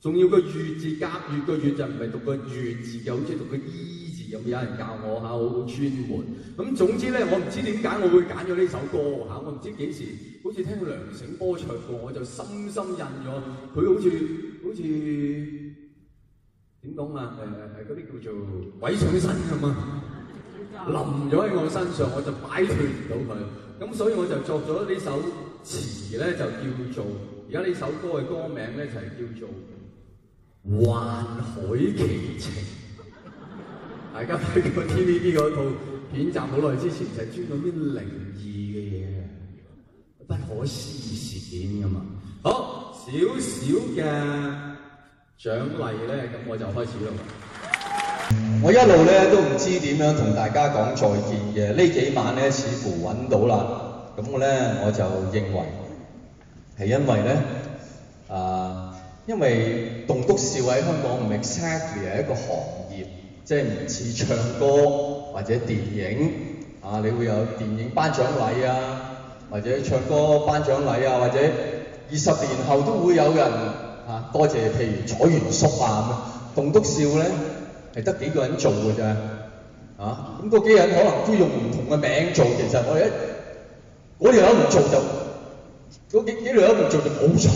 仲要個月字夾月個月就唔係讀個月字，又好似讀個伊、e、字咁。有，有人教我下，我好專門。咁總之咧，我唔知點解我會揀咗呢首歌吓，我唔知幾時，好似聽梁醒波唱過，我就深深印咗。佢好似好似點講嘛？誒誒誒，嗰、呃、啲叫做鬼上身咁啊！ 淋咗喺我身上，我就擺脫唔到佢。咁所以我就作咗呢首。詞咧就叫做，而家呢首歌嘅歌名咧就係叫做《幻海奇情》。 大家睇過 TVB 嗰套片集好耐之前，就係、專講啲靈異嘅嘢，不可思議事件㗎嘛。好，少少嘅獎勵咧，咁我就開始咯。我一路咧都唔知點樣同大家講再見嘅，呢幾晚咧似乎揾到啦。咁咧我就認為係因為咧啊，因為棟篤笑喺香港唔係 exactly 係一個行業，即係唔似唱歌或者電影啊，你會有電影頒獎禮啊，或者唱歌頒獎禮啊，或者二十年後都會有人啊，多謝譬如左元叔啊咁樣。棟篤笑咧係得幾個人做㗎咋啊？咁嗰幾個人可能都要用唔同嘅名做，其實我哋一。我哋有唔做就，嗰幾幾條友唔做就冇錯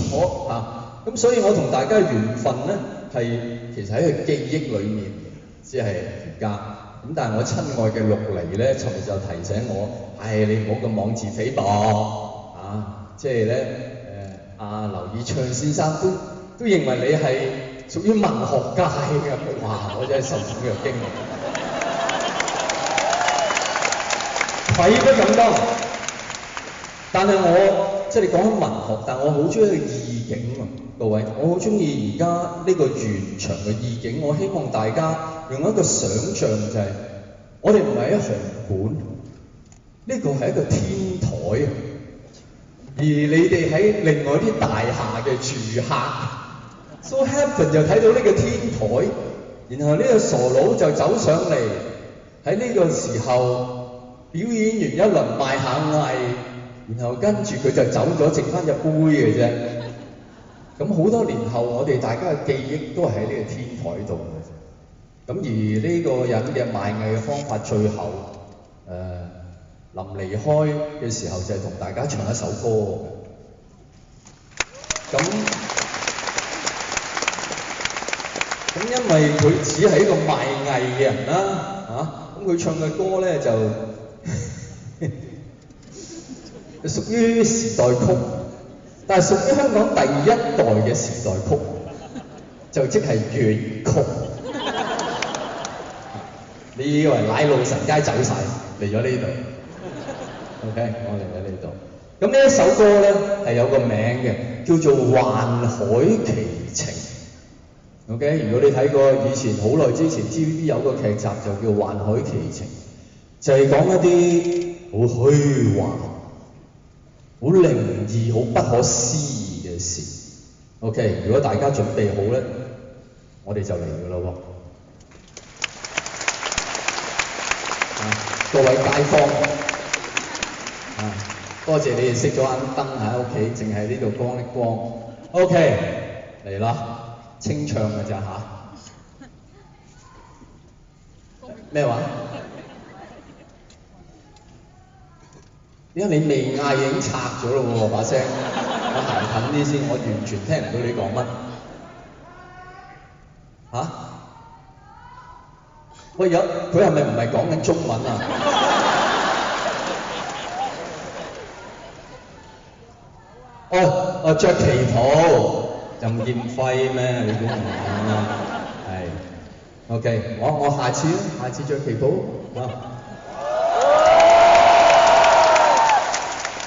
嚇，咁、啊、所以我同大家嘅緣分咧係其實喺佢記憶裏面，即係而家，咁但係我親愛嘅陸離咧，尋日就提醒我，唉、哎，你唔好咁妄自菲薄嚇、啊啊，即係咧誒阿劉以鬯先生都都認為你係屬於文學界嘅，哇！我真係受寵若驚，愧不敢當。但係我即係你講緊文學，但係我好中意意境啊！各位，我好中意而家呢個現場嘅意境。我希望大家用一個想像，就係我哋唔係喺紅館，呢個係一個天台，而你哋喺另外啲大廈嘅住客。So happen 就睇到呢個天台，然後呢個傻佬就走上嚟喺呢個時候表演完一輪賣下藝。然後跟住佢就走咗，剩返隻杯嘅啫。咁好多年後，我哋大家嘅記憶都喺呢個天台度嘅。咁而呢個人嘅賣藝嘅方法最後誒臨離開嘅時候就係同大家唱一首歌。咁咁因為佢只係一個賣藝嘅人啦，嚇咁佢唱嘅歌咧就。屬於時代曲，但係屬於香港第一代嘅時代曲，就即係粵曲。你以為奶路神街走晒嚟咗呢度？OK，我嚟咗呢度。咁呢一首歌咧係有個名嘅，叫做《幻海奇情》。OK，如果你睇過以前好耐之前 TVB 有個劇集就叫《幻海奇情》，就係講一啲好虛幻。好靈異、好不可思議嘅事，OK。如果大家準備好咧，我哋就嚟㗎啦喎。各位街坊，啊，多謝你哋熄咗間燈喺屋企，淨係呢度光一光。OK，嚟啦，清唱㗎咋？吓，咩話？OK。啊因為你未嗌已經拆咗咯喎？把聲，我行近啲先，我完全聽唔到你講乜。吓？喂，而家佢係咪唔係講緊中文啊？哦哦，著旗袍，任劍輝咩？你估唔係啊？係，OK，我我下次啊，下次著旗袍啊。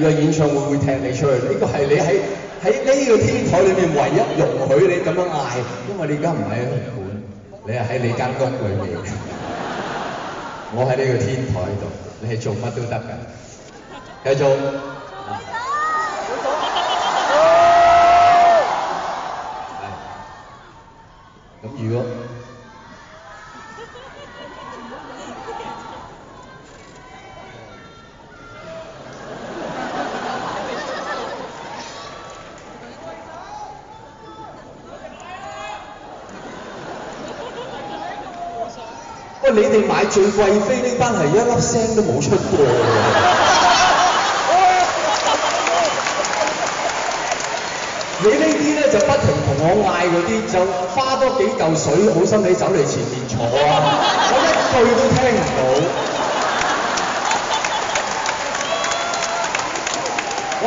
個演唱會會踢你出去，呢個係你喺喺呢個天台裏面唯一容許你咁樣嗌，因為你而家唔喺劇本，你係喺你間公寓裏面。我喺呢個天台度，你係做乜都得㗎，繼續。最貴妃呢班係一粒聲都冇出過嘅，你呢啲咧就不停同我嗌嗰啲，就花多幾嚿水好心你走嚟前面坐啊，我一句都聽唔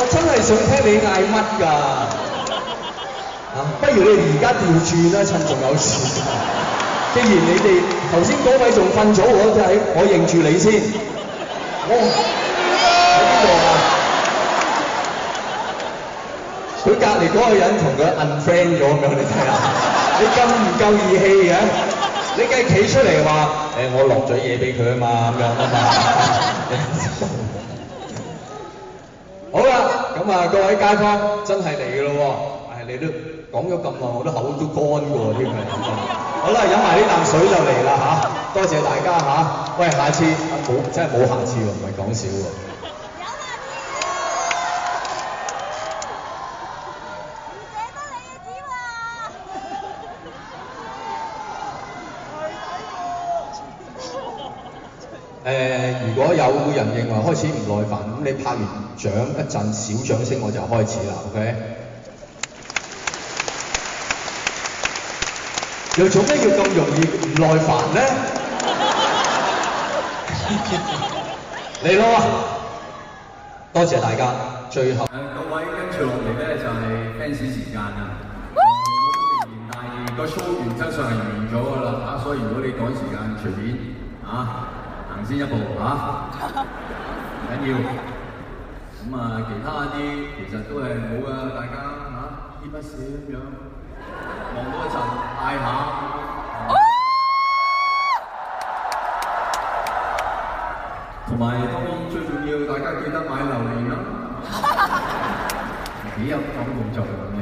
到，我真係想聽你嗌乜㗎，嚇，不如你而家調轉啦，趁仲有事。既然你哋頭先嗰位仲瞓咗，我就係我認住你先。我喺邊度啊？佢隔離嗰個人同佢 unfriend 咗咁樣，你睇下，你咁唔夠義氣嘅，你梗係企出嚟話，誒我落咗嘢俾佢啊嘛，咁樣啊嘛。好啦，咁啊各位街坊真係嚟㗎咯喎，唉你都～講咗咁耐，我都口都乾㗎喎，啲咁嘅。好啦，飲埋呢啖水就嚟啦嚇，多謝大家嚇。喂，下次冇真係冇下次喎，唔係講笑喎。有下次啊！唔捨得你啊，子華。係底路。誒，如果有人認為開始唔耐煩，咁你拍完掌一陣小掌聲我就開始啦，OK？又做咩要咁容易唔耐煩呢？嚟 咯，多謝大家。最後，呃、各位跟住落嚟咧就係、是、fans 時間啊！第二、 嗯、個 show 原則上係完咗㗎啦，所以如果你趕時間，隨便啊行先一步啊，唔 緊要。咁啊，其他啲其實都係好㗎，大家嚇，獻、啊、不少咁樣。望多一陣，嗌下，同埋當然最重要，大家記得買榴蓮啦，幾有講重要嘅。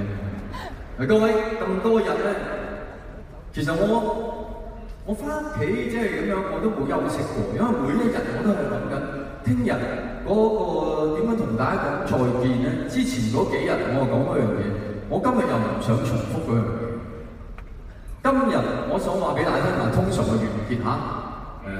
嗱，各位咁多日咧，其實我我返屋企即係咁樣，我都冇休息過，因為每一日我都係諗緊，聽日嗰個點樣同大家講再見咧？之前嗰幾日我講嗰樣嘢，我今日又唔想重複嗰樣嘢。今日我想話俾大家聽，通常嘅完結吓，誒，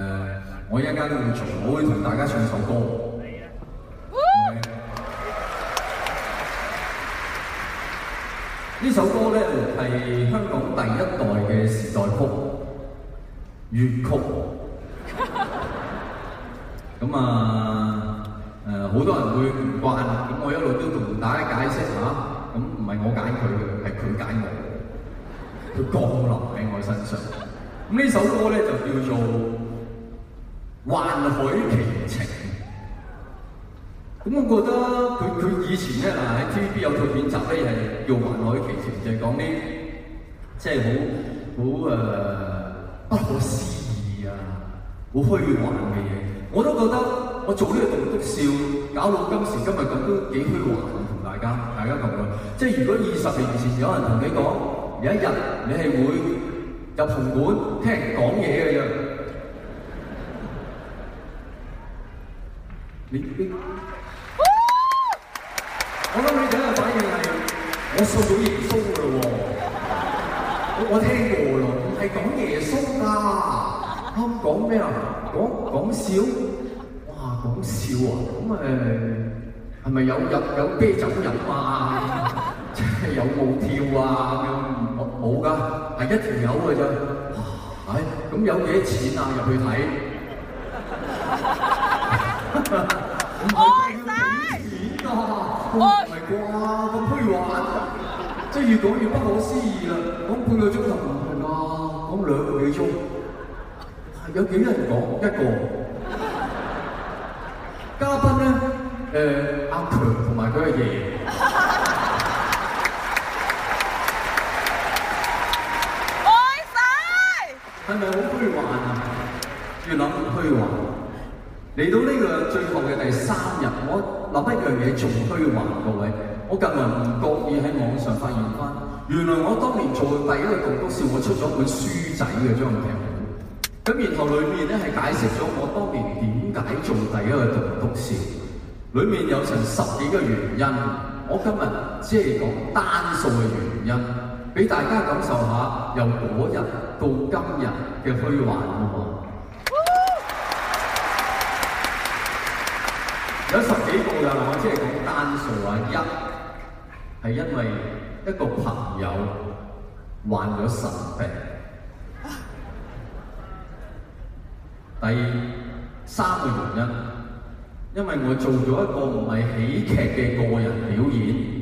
我一陣間都會做，我會同大家唱首歌 呢首歌呢,係香港第一代嘅時代曲，粵曲, 佢降落喺我身上，咁 呢首歌咧就叫做《幻海奇情》。咁 我覺得佢佢以前咧嗱，喺 TVB 有套片集咧係用《幻海奇情》，就係講啲即係好好誒不可思議啊，好虛幻嘅嘢。我都覺得我做呢個棟篤笑搞到今時今日咁都幾虛幻，同大家大家咁講，即係如果二十年前有人同你講。有一日你係會入紅館聽人講嘢嘅啫，你啲，我諗你第一個反應係我信到耶穌嘅喎，我聽過咯，係講耶穌啊，啱講咩啊？講講笑，哇講笑啊？咁誒係咪有入有啤酒飲啊？即係有冇跳啊？冇冇噶，係一條友噶咋？唉，咁有幾多錢啊？入去睇。哦，真係。哇，咁遠㗎？哇，唔係啩，咁虛幻。即係越講越不可思議啦！講半個鐘頭唔係㗎，講兩個幾鐘。係有幾人講一個？嘉賓咧，誒阿強同埋佢阿爺。係咪好虛幻？越諗越虛幻。嚟到呢個最後嘅第三日，我諗一樣嘢仲虛幻，各位。我近日唔覺意喺網上發現翻，原來我當年做第一個棟篤笑，我出咗本書仔嘅張片。咁然後裏面咧係解釋咗我當年點解做第一個棟篤笑。裏面有成十幾個原因。我今日只係講單數嘅原因。畀大家感受下由嗰日到今日嘅虛幻喎，有十幾個啦，我只係講單數啊。一，係因為一個朋友患咗神病。第三個原因，因為我做咗一個唔係喜劇嘅個人表演。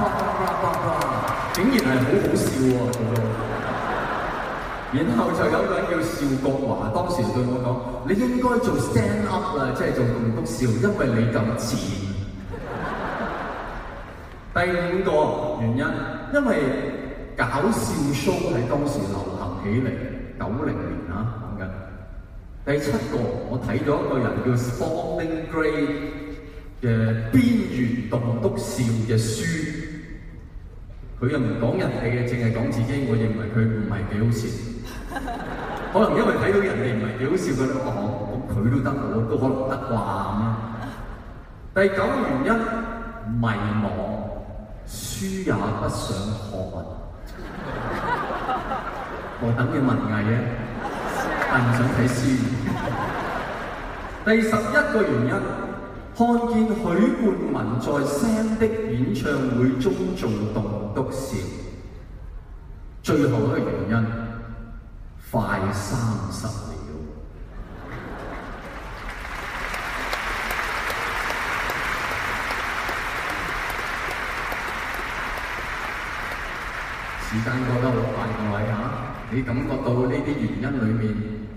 一竟然係好好笑喎、啊！其實然後就有個人叫邵國華，當時對我講：你應該做 stand up 啦，即係做棟篤笑，因為你咁賤。一第五個原因，因為搞笑 show 喺當時流行起嚟，九零年啦、啊，講緊。第七個，我睇咗一個人叫 Spalding Gray 嘅《邊緣棟篤笑》嘅書。佢又唔講人哋嘅，淨係講自己。我認為佢唔係幾好笑， 可能因為睇到人哋唔係幾好笑佢呢個行，咁佢都得，我都可能得啩？ 第九個原因，迷惘，書也不想看，何 等嘅文藝啊！ 但唔想睇書。 第十一個原因。看見許冠文在聲的演唱會中做棟篤笑，最後一個原因快三十了。時間過得好快，各位嚇，你感覺到呢啲原因裏面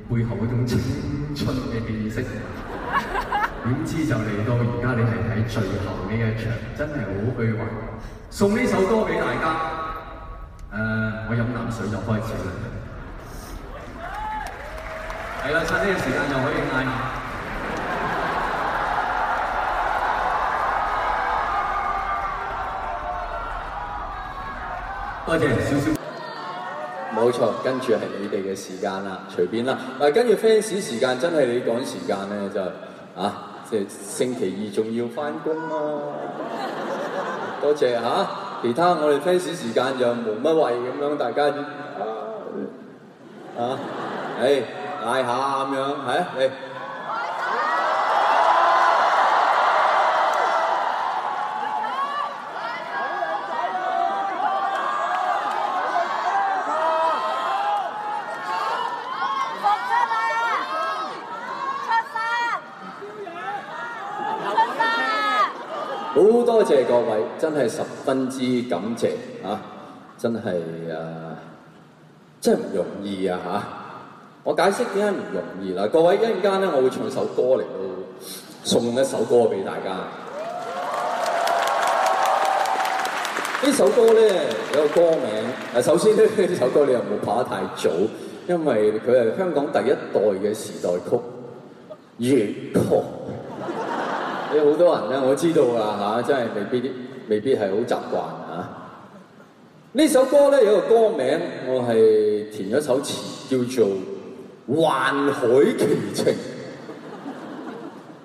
背後嗰種青春嘅氣息。點知就嚟到而家，你係睇最後呢一場，真係好虛幻。送呢首歌俾大家。誒、呃，我飲啖水就開始啦。係啦，趁呢個時間就可以嗌。多謝、 okay, 少少。冇錯，跟住係你哋嘅時間啦，隨便啦。嗱、啊，跟住 fans 時間真係你趕時間咧，就啊～星期二仲要翻工啊！ 多謝吓、啊，其他我哋 fans 時間又冇乜位咁樣，大家嚇，誒、啊、大、啊欸、嗌下咁樣，係、欸、啊，嚟、欸。真係十分之感謝嚇！真係啊，真唔、啊、容易啊嚇！我解釋點解唔容易啦。各位一陣間咧，會我會唱首歌嚟到送一首歌俾大家。呢 首歌咧有個歌名。誒、啊，首先咧呢 首歌你又冇拍得太早，因為佢係香港第一代嘅時代曲《月曲》。有好多人咧，我知道啊嚇，真係未必啲，未必係好習慣嚇、啊。呢首歌咧有個歌名，我係填咗首詞，叫做《幻海奇情》。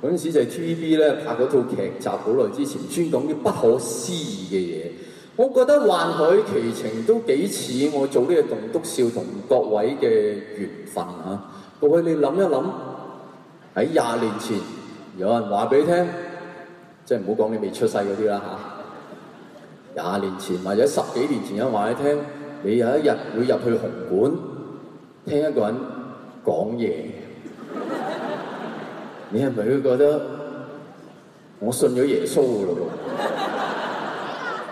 嗰 陣 時就係 TVB 咧拍嗰套劇集，好耐之前，專講啲不可思議嘅嘢。我覺得《幻海奇情》都幾似我做呢個棟篤笑同各位嘅緣分嚇、啊。各位你諗一諗，喺廿年前有人話俾你聽，即係唔好講你未出世嗰啲啦嚇。啊廿年前或者十幾年前，我話你聽，你有一日會入去紅館聽一個人講嘢，你係咪會覺得我信咗耶穌㗎咯？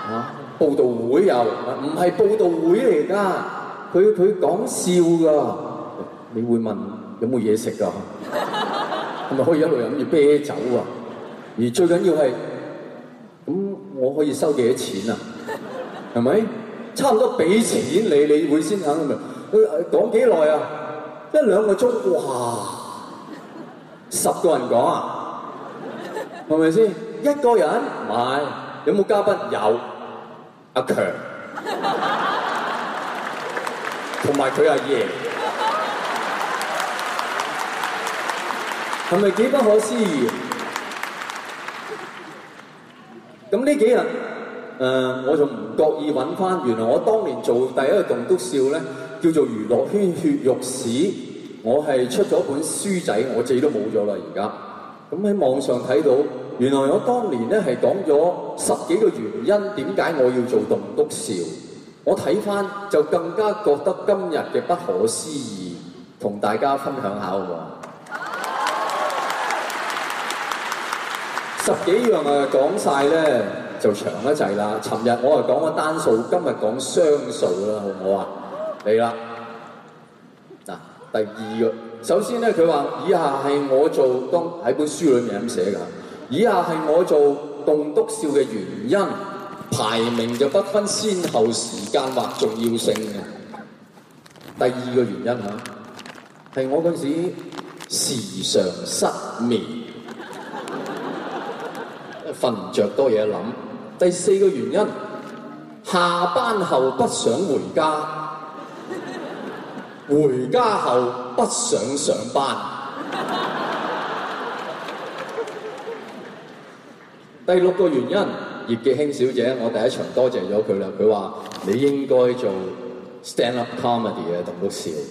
啊，佈道會又唔係佈道會嚟㗎，佢佢講笑㗎，你會問有冇嘢食㗎？係咪可以一路飲住啤酒啊？而最緊要係。我可以收幾多錢啊？係咪？差唔多俾錢你，你會先肯咪？講幾耐啊？一兩個鐘，哇！十個人講啊，係咪先？一個人唔係。有冇嘉賓？有阿強，同埋佢阿爺，係咪幾不可思議？咁呢幾日，誒、呃，我就唔覺意揾翻，原來我當年做第一個棟篤笑呢，叫做《娛樂圈血肉史》，我係出咗本書仔，我自己都冇咗啦，而家。咁喺網上睇到，原來我當年呢係講咗十幾個原因，點解我要做棟篤笑。我睇翻就更加覺得今日嘅不可思議，同大家分享下好冇？十幾樣，啊講晒咧就長得滯啦。尋日我係講個單數，今日講雙數啦，好唔好啊？嚟啦，嗱，第二個，首先咧，佢話以下係我做當喺本書裏面咁寫嘅，以下係我做棟篤笑嘅原因，排名就不分先後時間或重要性嘅。第二個原因嚇係、啊、我嗰時時常失眠，瞓唔着多嘢諗。第四個原因，下班後不想回家， 回家後不想上班。 第六個原因， 葉繼興小姐，我第一場多謝咗佢啦。佢話：你應該做 stand up comedy 嘅棟篤笑。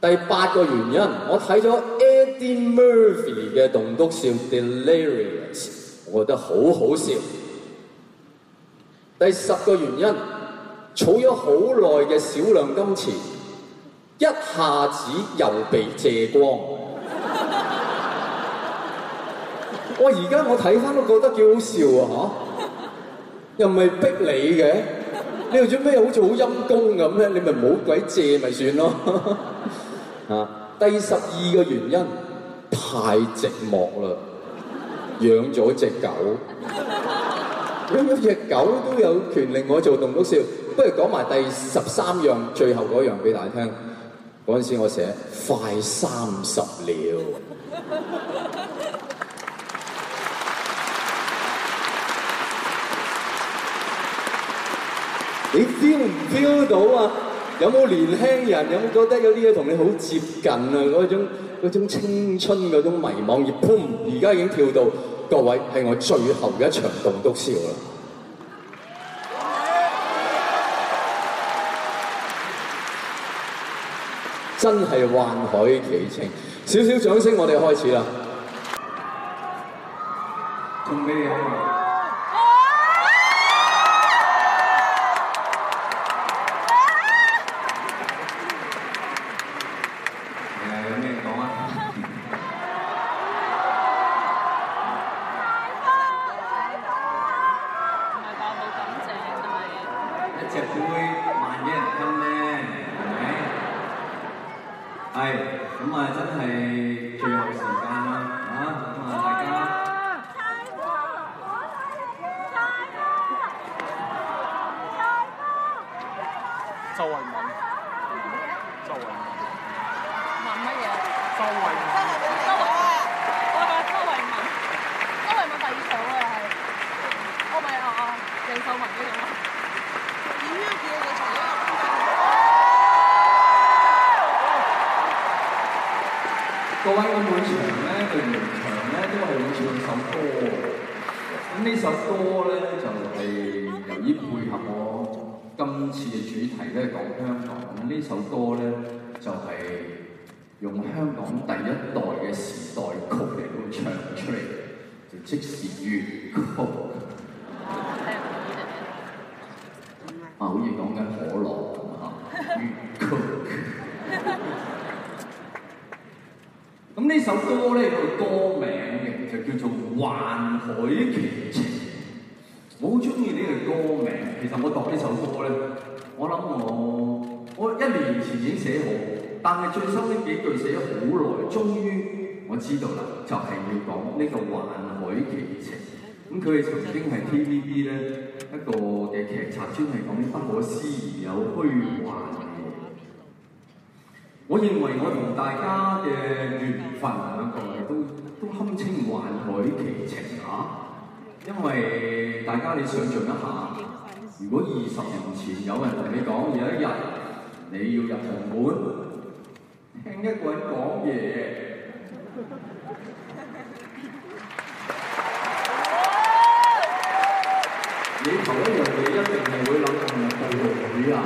第八個原因，我睇咗 Eddie Ed Murphy 嘅棟篤笑 Delirious。Del 我覺得好好笑。第十個原因，儲咗好耐嘅少量金錢，一下子又被借光。 我而家我睇翻都覺得幾好笑啊！嚇，又唔係逼你嘅，你做咩好似好陰公咁咧？你咪冇鬼借咪算咯。啊， 啊，第十二個原因，太寂寞啦。養咗隻狗，養咗隻狗都有權令我做棟篤笑。不如講埋第十三樣，最後嗰樣俾大家聽。嗰陣時我寫快三十了，你 feel 唔 feel 到啊？有冇年輕人有冇覺得有啲嘢同你好接近啊？嗰種嗰種青春，嗰種迷惘，而噉，而家已經跳到各位，係我最後嘅一場棟篤笑啦！ 真係幻海奇情，少少掌聲，我哋開始啦！同你哋講。用香港第一代嘅時代曲嚟到唱出嚟，就即係粵曲。啊，好似講緊可樂咁啊，粵曲。咁呢首歌咧有個歌名嘅，就叫做《幻海奇情》。我好中意呢個歌名，其實我讀呢首歌咧，我諗我我一年前已經寫好。但係最新呢幾句寫咗好耐，終於我知道啦，就係、是、要講呢、這個幻海奇情。咁佢哋曾經係 TVB 咧一個嘅劇集專，係講不可思議，有虛幻嘅。我認為我同大家嘅緣份兩個都都堪稱幻海奇情嚇、啊，因為大家你想像一下，如果二十年前有人同你講有一日你要入紅館。聽一個人講嘢，你求一樣嘢一定係會諗尋日係無語啊！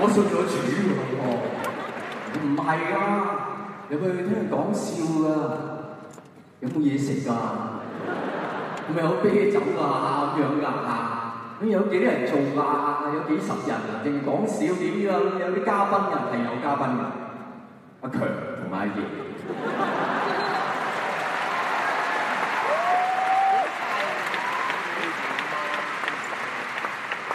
我信咗主喎，唔係噶，入去聽人講笑噶，有冇嘢食噶？有冇啤酒噶咁樣噶？咁有幾多人做啊？有幾十人定講少點樣？有啲嘉賓啊，係有嘉賓噶。阿強同埋阿傑，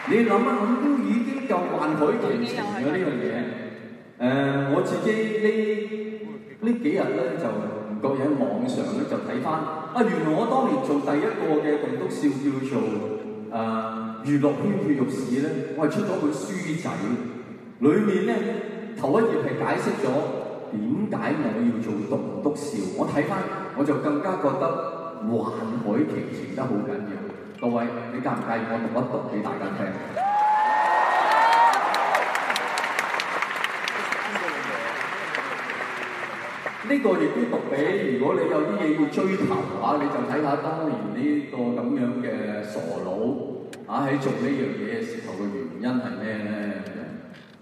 你諗一諗，都已經夠幻海奇情嘅呢樣嘢。誒，我自己呢呢幾日咧就唔覺意，喺網上咧就睇翻啊，原來我當年做第一個嘅棟篤笑叫做誒娛樂圈血肉史咧，我係出咗本書仔，裡面咧頭一頁係解釋咗點解我要做棟篤笑。我睇翻我就更加覺得幻海奇情得好緊要。各位，你介唔介意我讀一讀俾大家聽？呢個亦都讀俾如果你有啲嘢要追求嘅話，你就睇下當年呢個咁樣嘅傻佬。我喺做呢樣嘢嘅時候嘅原因係咩咧？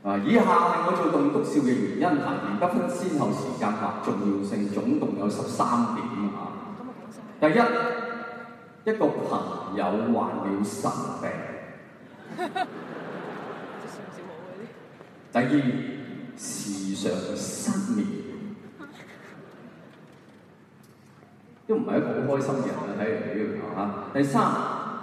啊，以下係我做棟篤笑嘅原因係，而不分先後時間或重要性，總共有十三點。第一，一個朋友患了神病。第二，時常失眠。都唔係一個好開心嘅人啦，睇嚟比如講嚇。第三。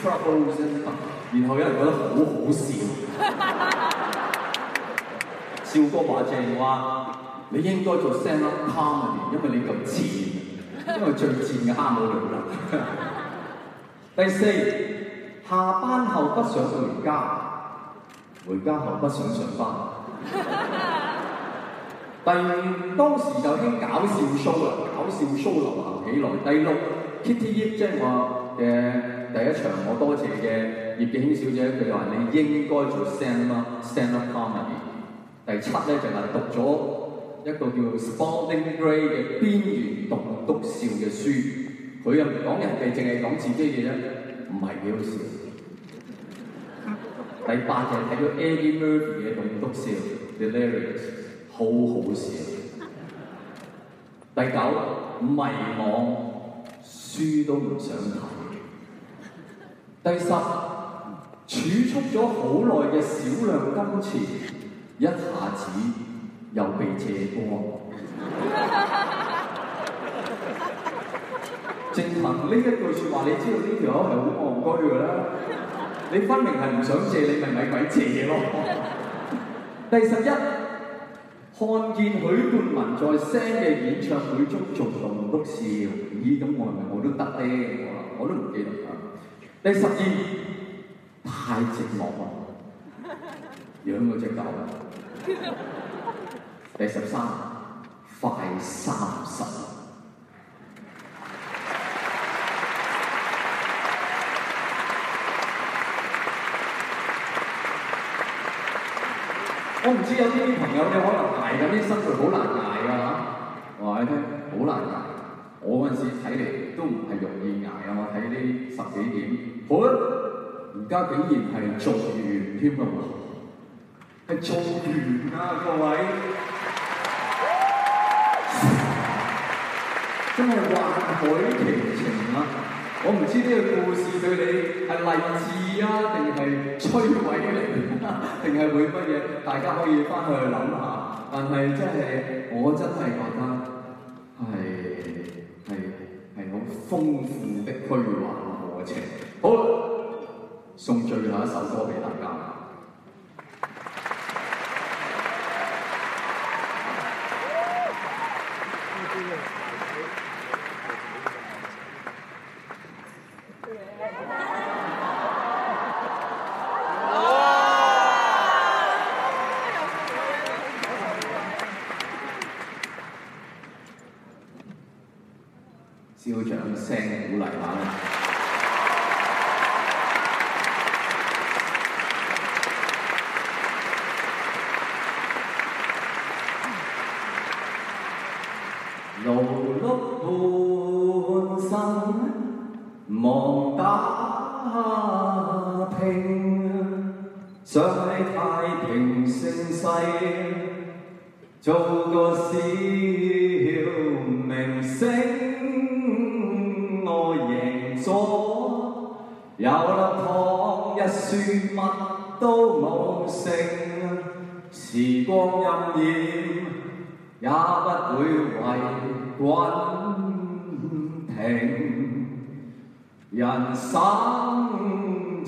然後有人覺得好好笑，笑哥話正話，你應該做 stand up comedy 因為你咁賤，因為最賤嘅蝦冇用啦。 第四，下班後不想回家，回家後不想上班。 第五，當時就已經興搞笑 show 啦，搞笑 show 流行起來。第六，Kitty Y 即係話嘅。第一場我多謝嘅葉敬軒小姐，佢話你應該做 stand up stand up comedy。第七咧，就係讀咗一個叫 Spalding Gray 嘅邊緣棟篤笑嘅書，佢又唔講人哋，淨係講自己嘅啫，唔係幾好笑。第八，就睇到 Eddie Murphy 嘅棟篤笑 Delirious，好好笑。第九，迷惘，書都唔想睇。第十儲蓄咗好耐嘅少量金錢，一下子又被借光。正 憑呢一句説話，你知道呢條友係好戇居㗎啦！你分明係唔想借，你咪咪鬼借咯。 第十一看見許冠文在聲嘅演唱會中做隆碌笑，咦、嗯？咁我係咪我都得咧？我都唔記得啦。第十二太寂寞啊，養咗隻狗。 第十三快三十。 我唔知有啲啲朋友你可能捱緊啲辛苦，好難捱呀，我話你聽好難捱。我嗰陣時睇嚟都唔係容易捱啊！我睇呢十幾點。好啊！而家竟然係做完添啊嘛，係做完啊各位，真係幻海奇情啊！我唔知呢個故事對你係勵志啊，定係摧毀你啊，定係會乜嘢？大家可以翻去諗下。但係真係，我真係覺得係係係好豐富的虛幻。好，送最後一首歌俾大家。想起太平盛世，做個小明星，我贏咗，有粒糖，一輸乜都冇剩，時光荏苒，也不會為君停，人生。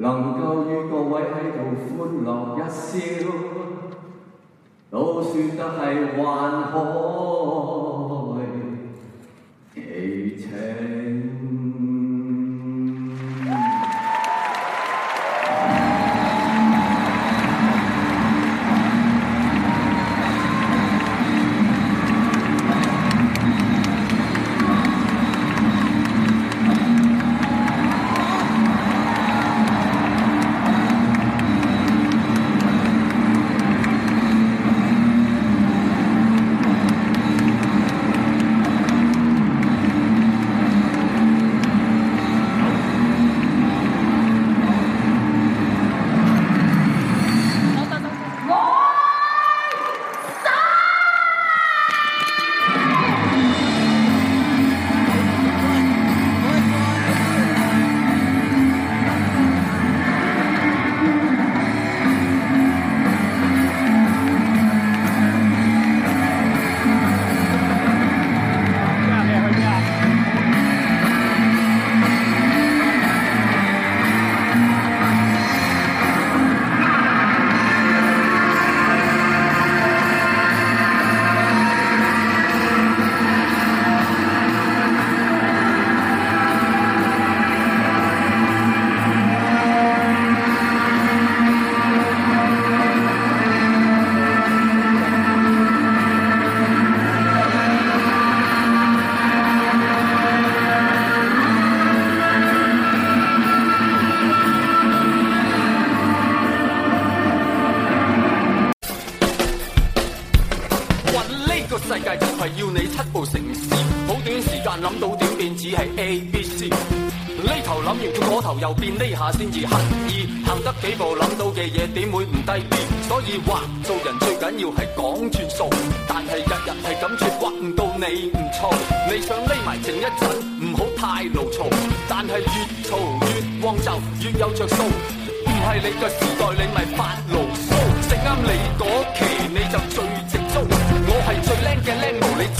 能夠與各位喺度歡樂一笑，都算得係還可以，而且。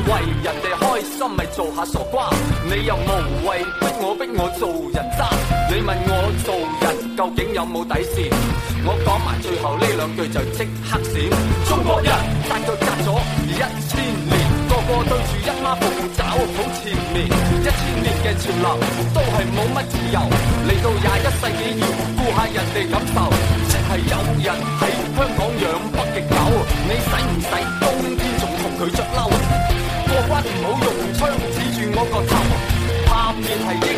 為人哋開心咪做下傻瓜，你又無謂逼我逼我做人渣。你問我做人究竟有冇底線？我講埋最後呢兩句就即刻閃。中國人大概隔咗一千年，個個對住一馬步爪好纏綿。一千年嘅潮流都係冇乜自由，嚟到廿一世紀要顧下人哋感受。即係有人喺香港養北極狗，你使唔使冬天仲同佢著褸？唔好用槍指住我個頭。下面係。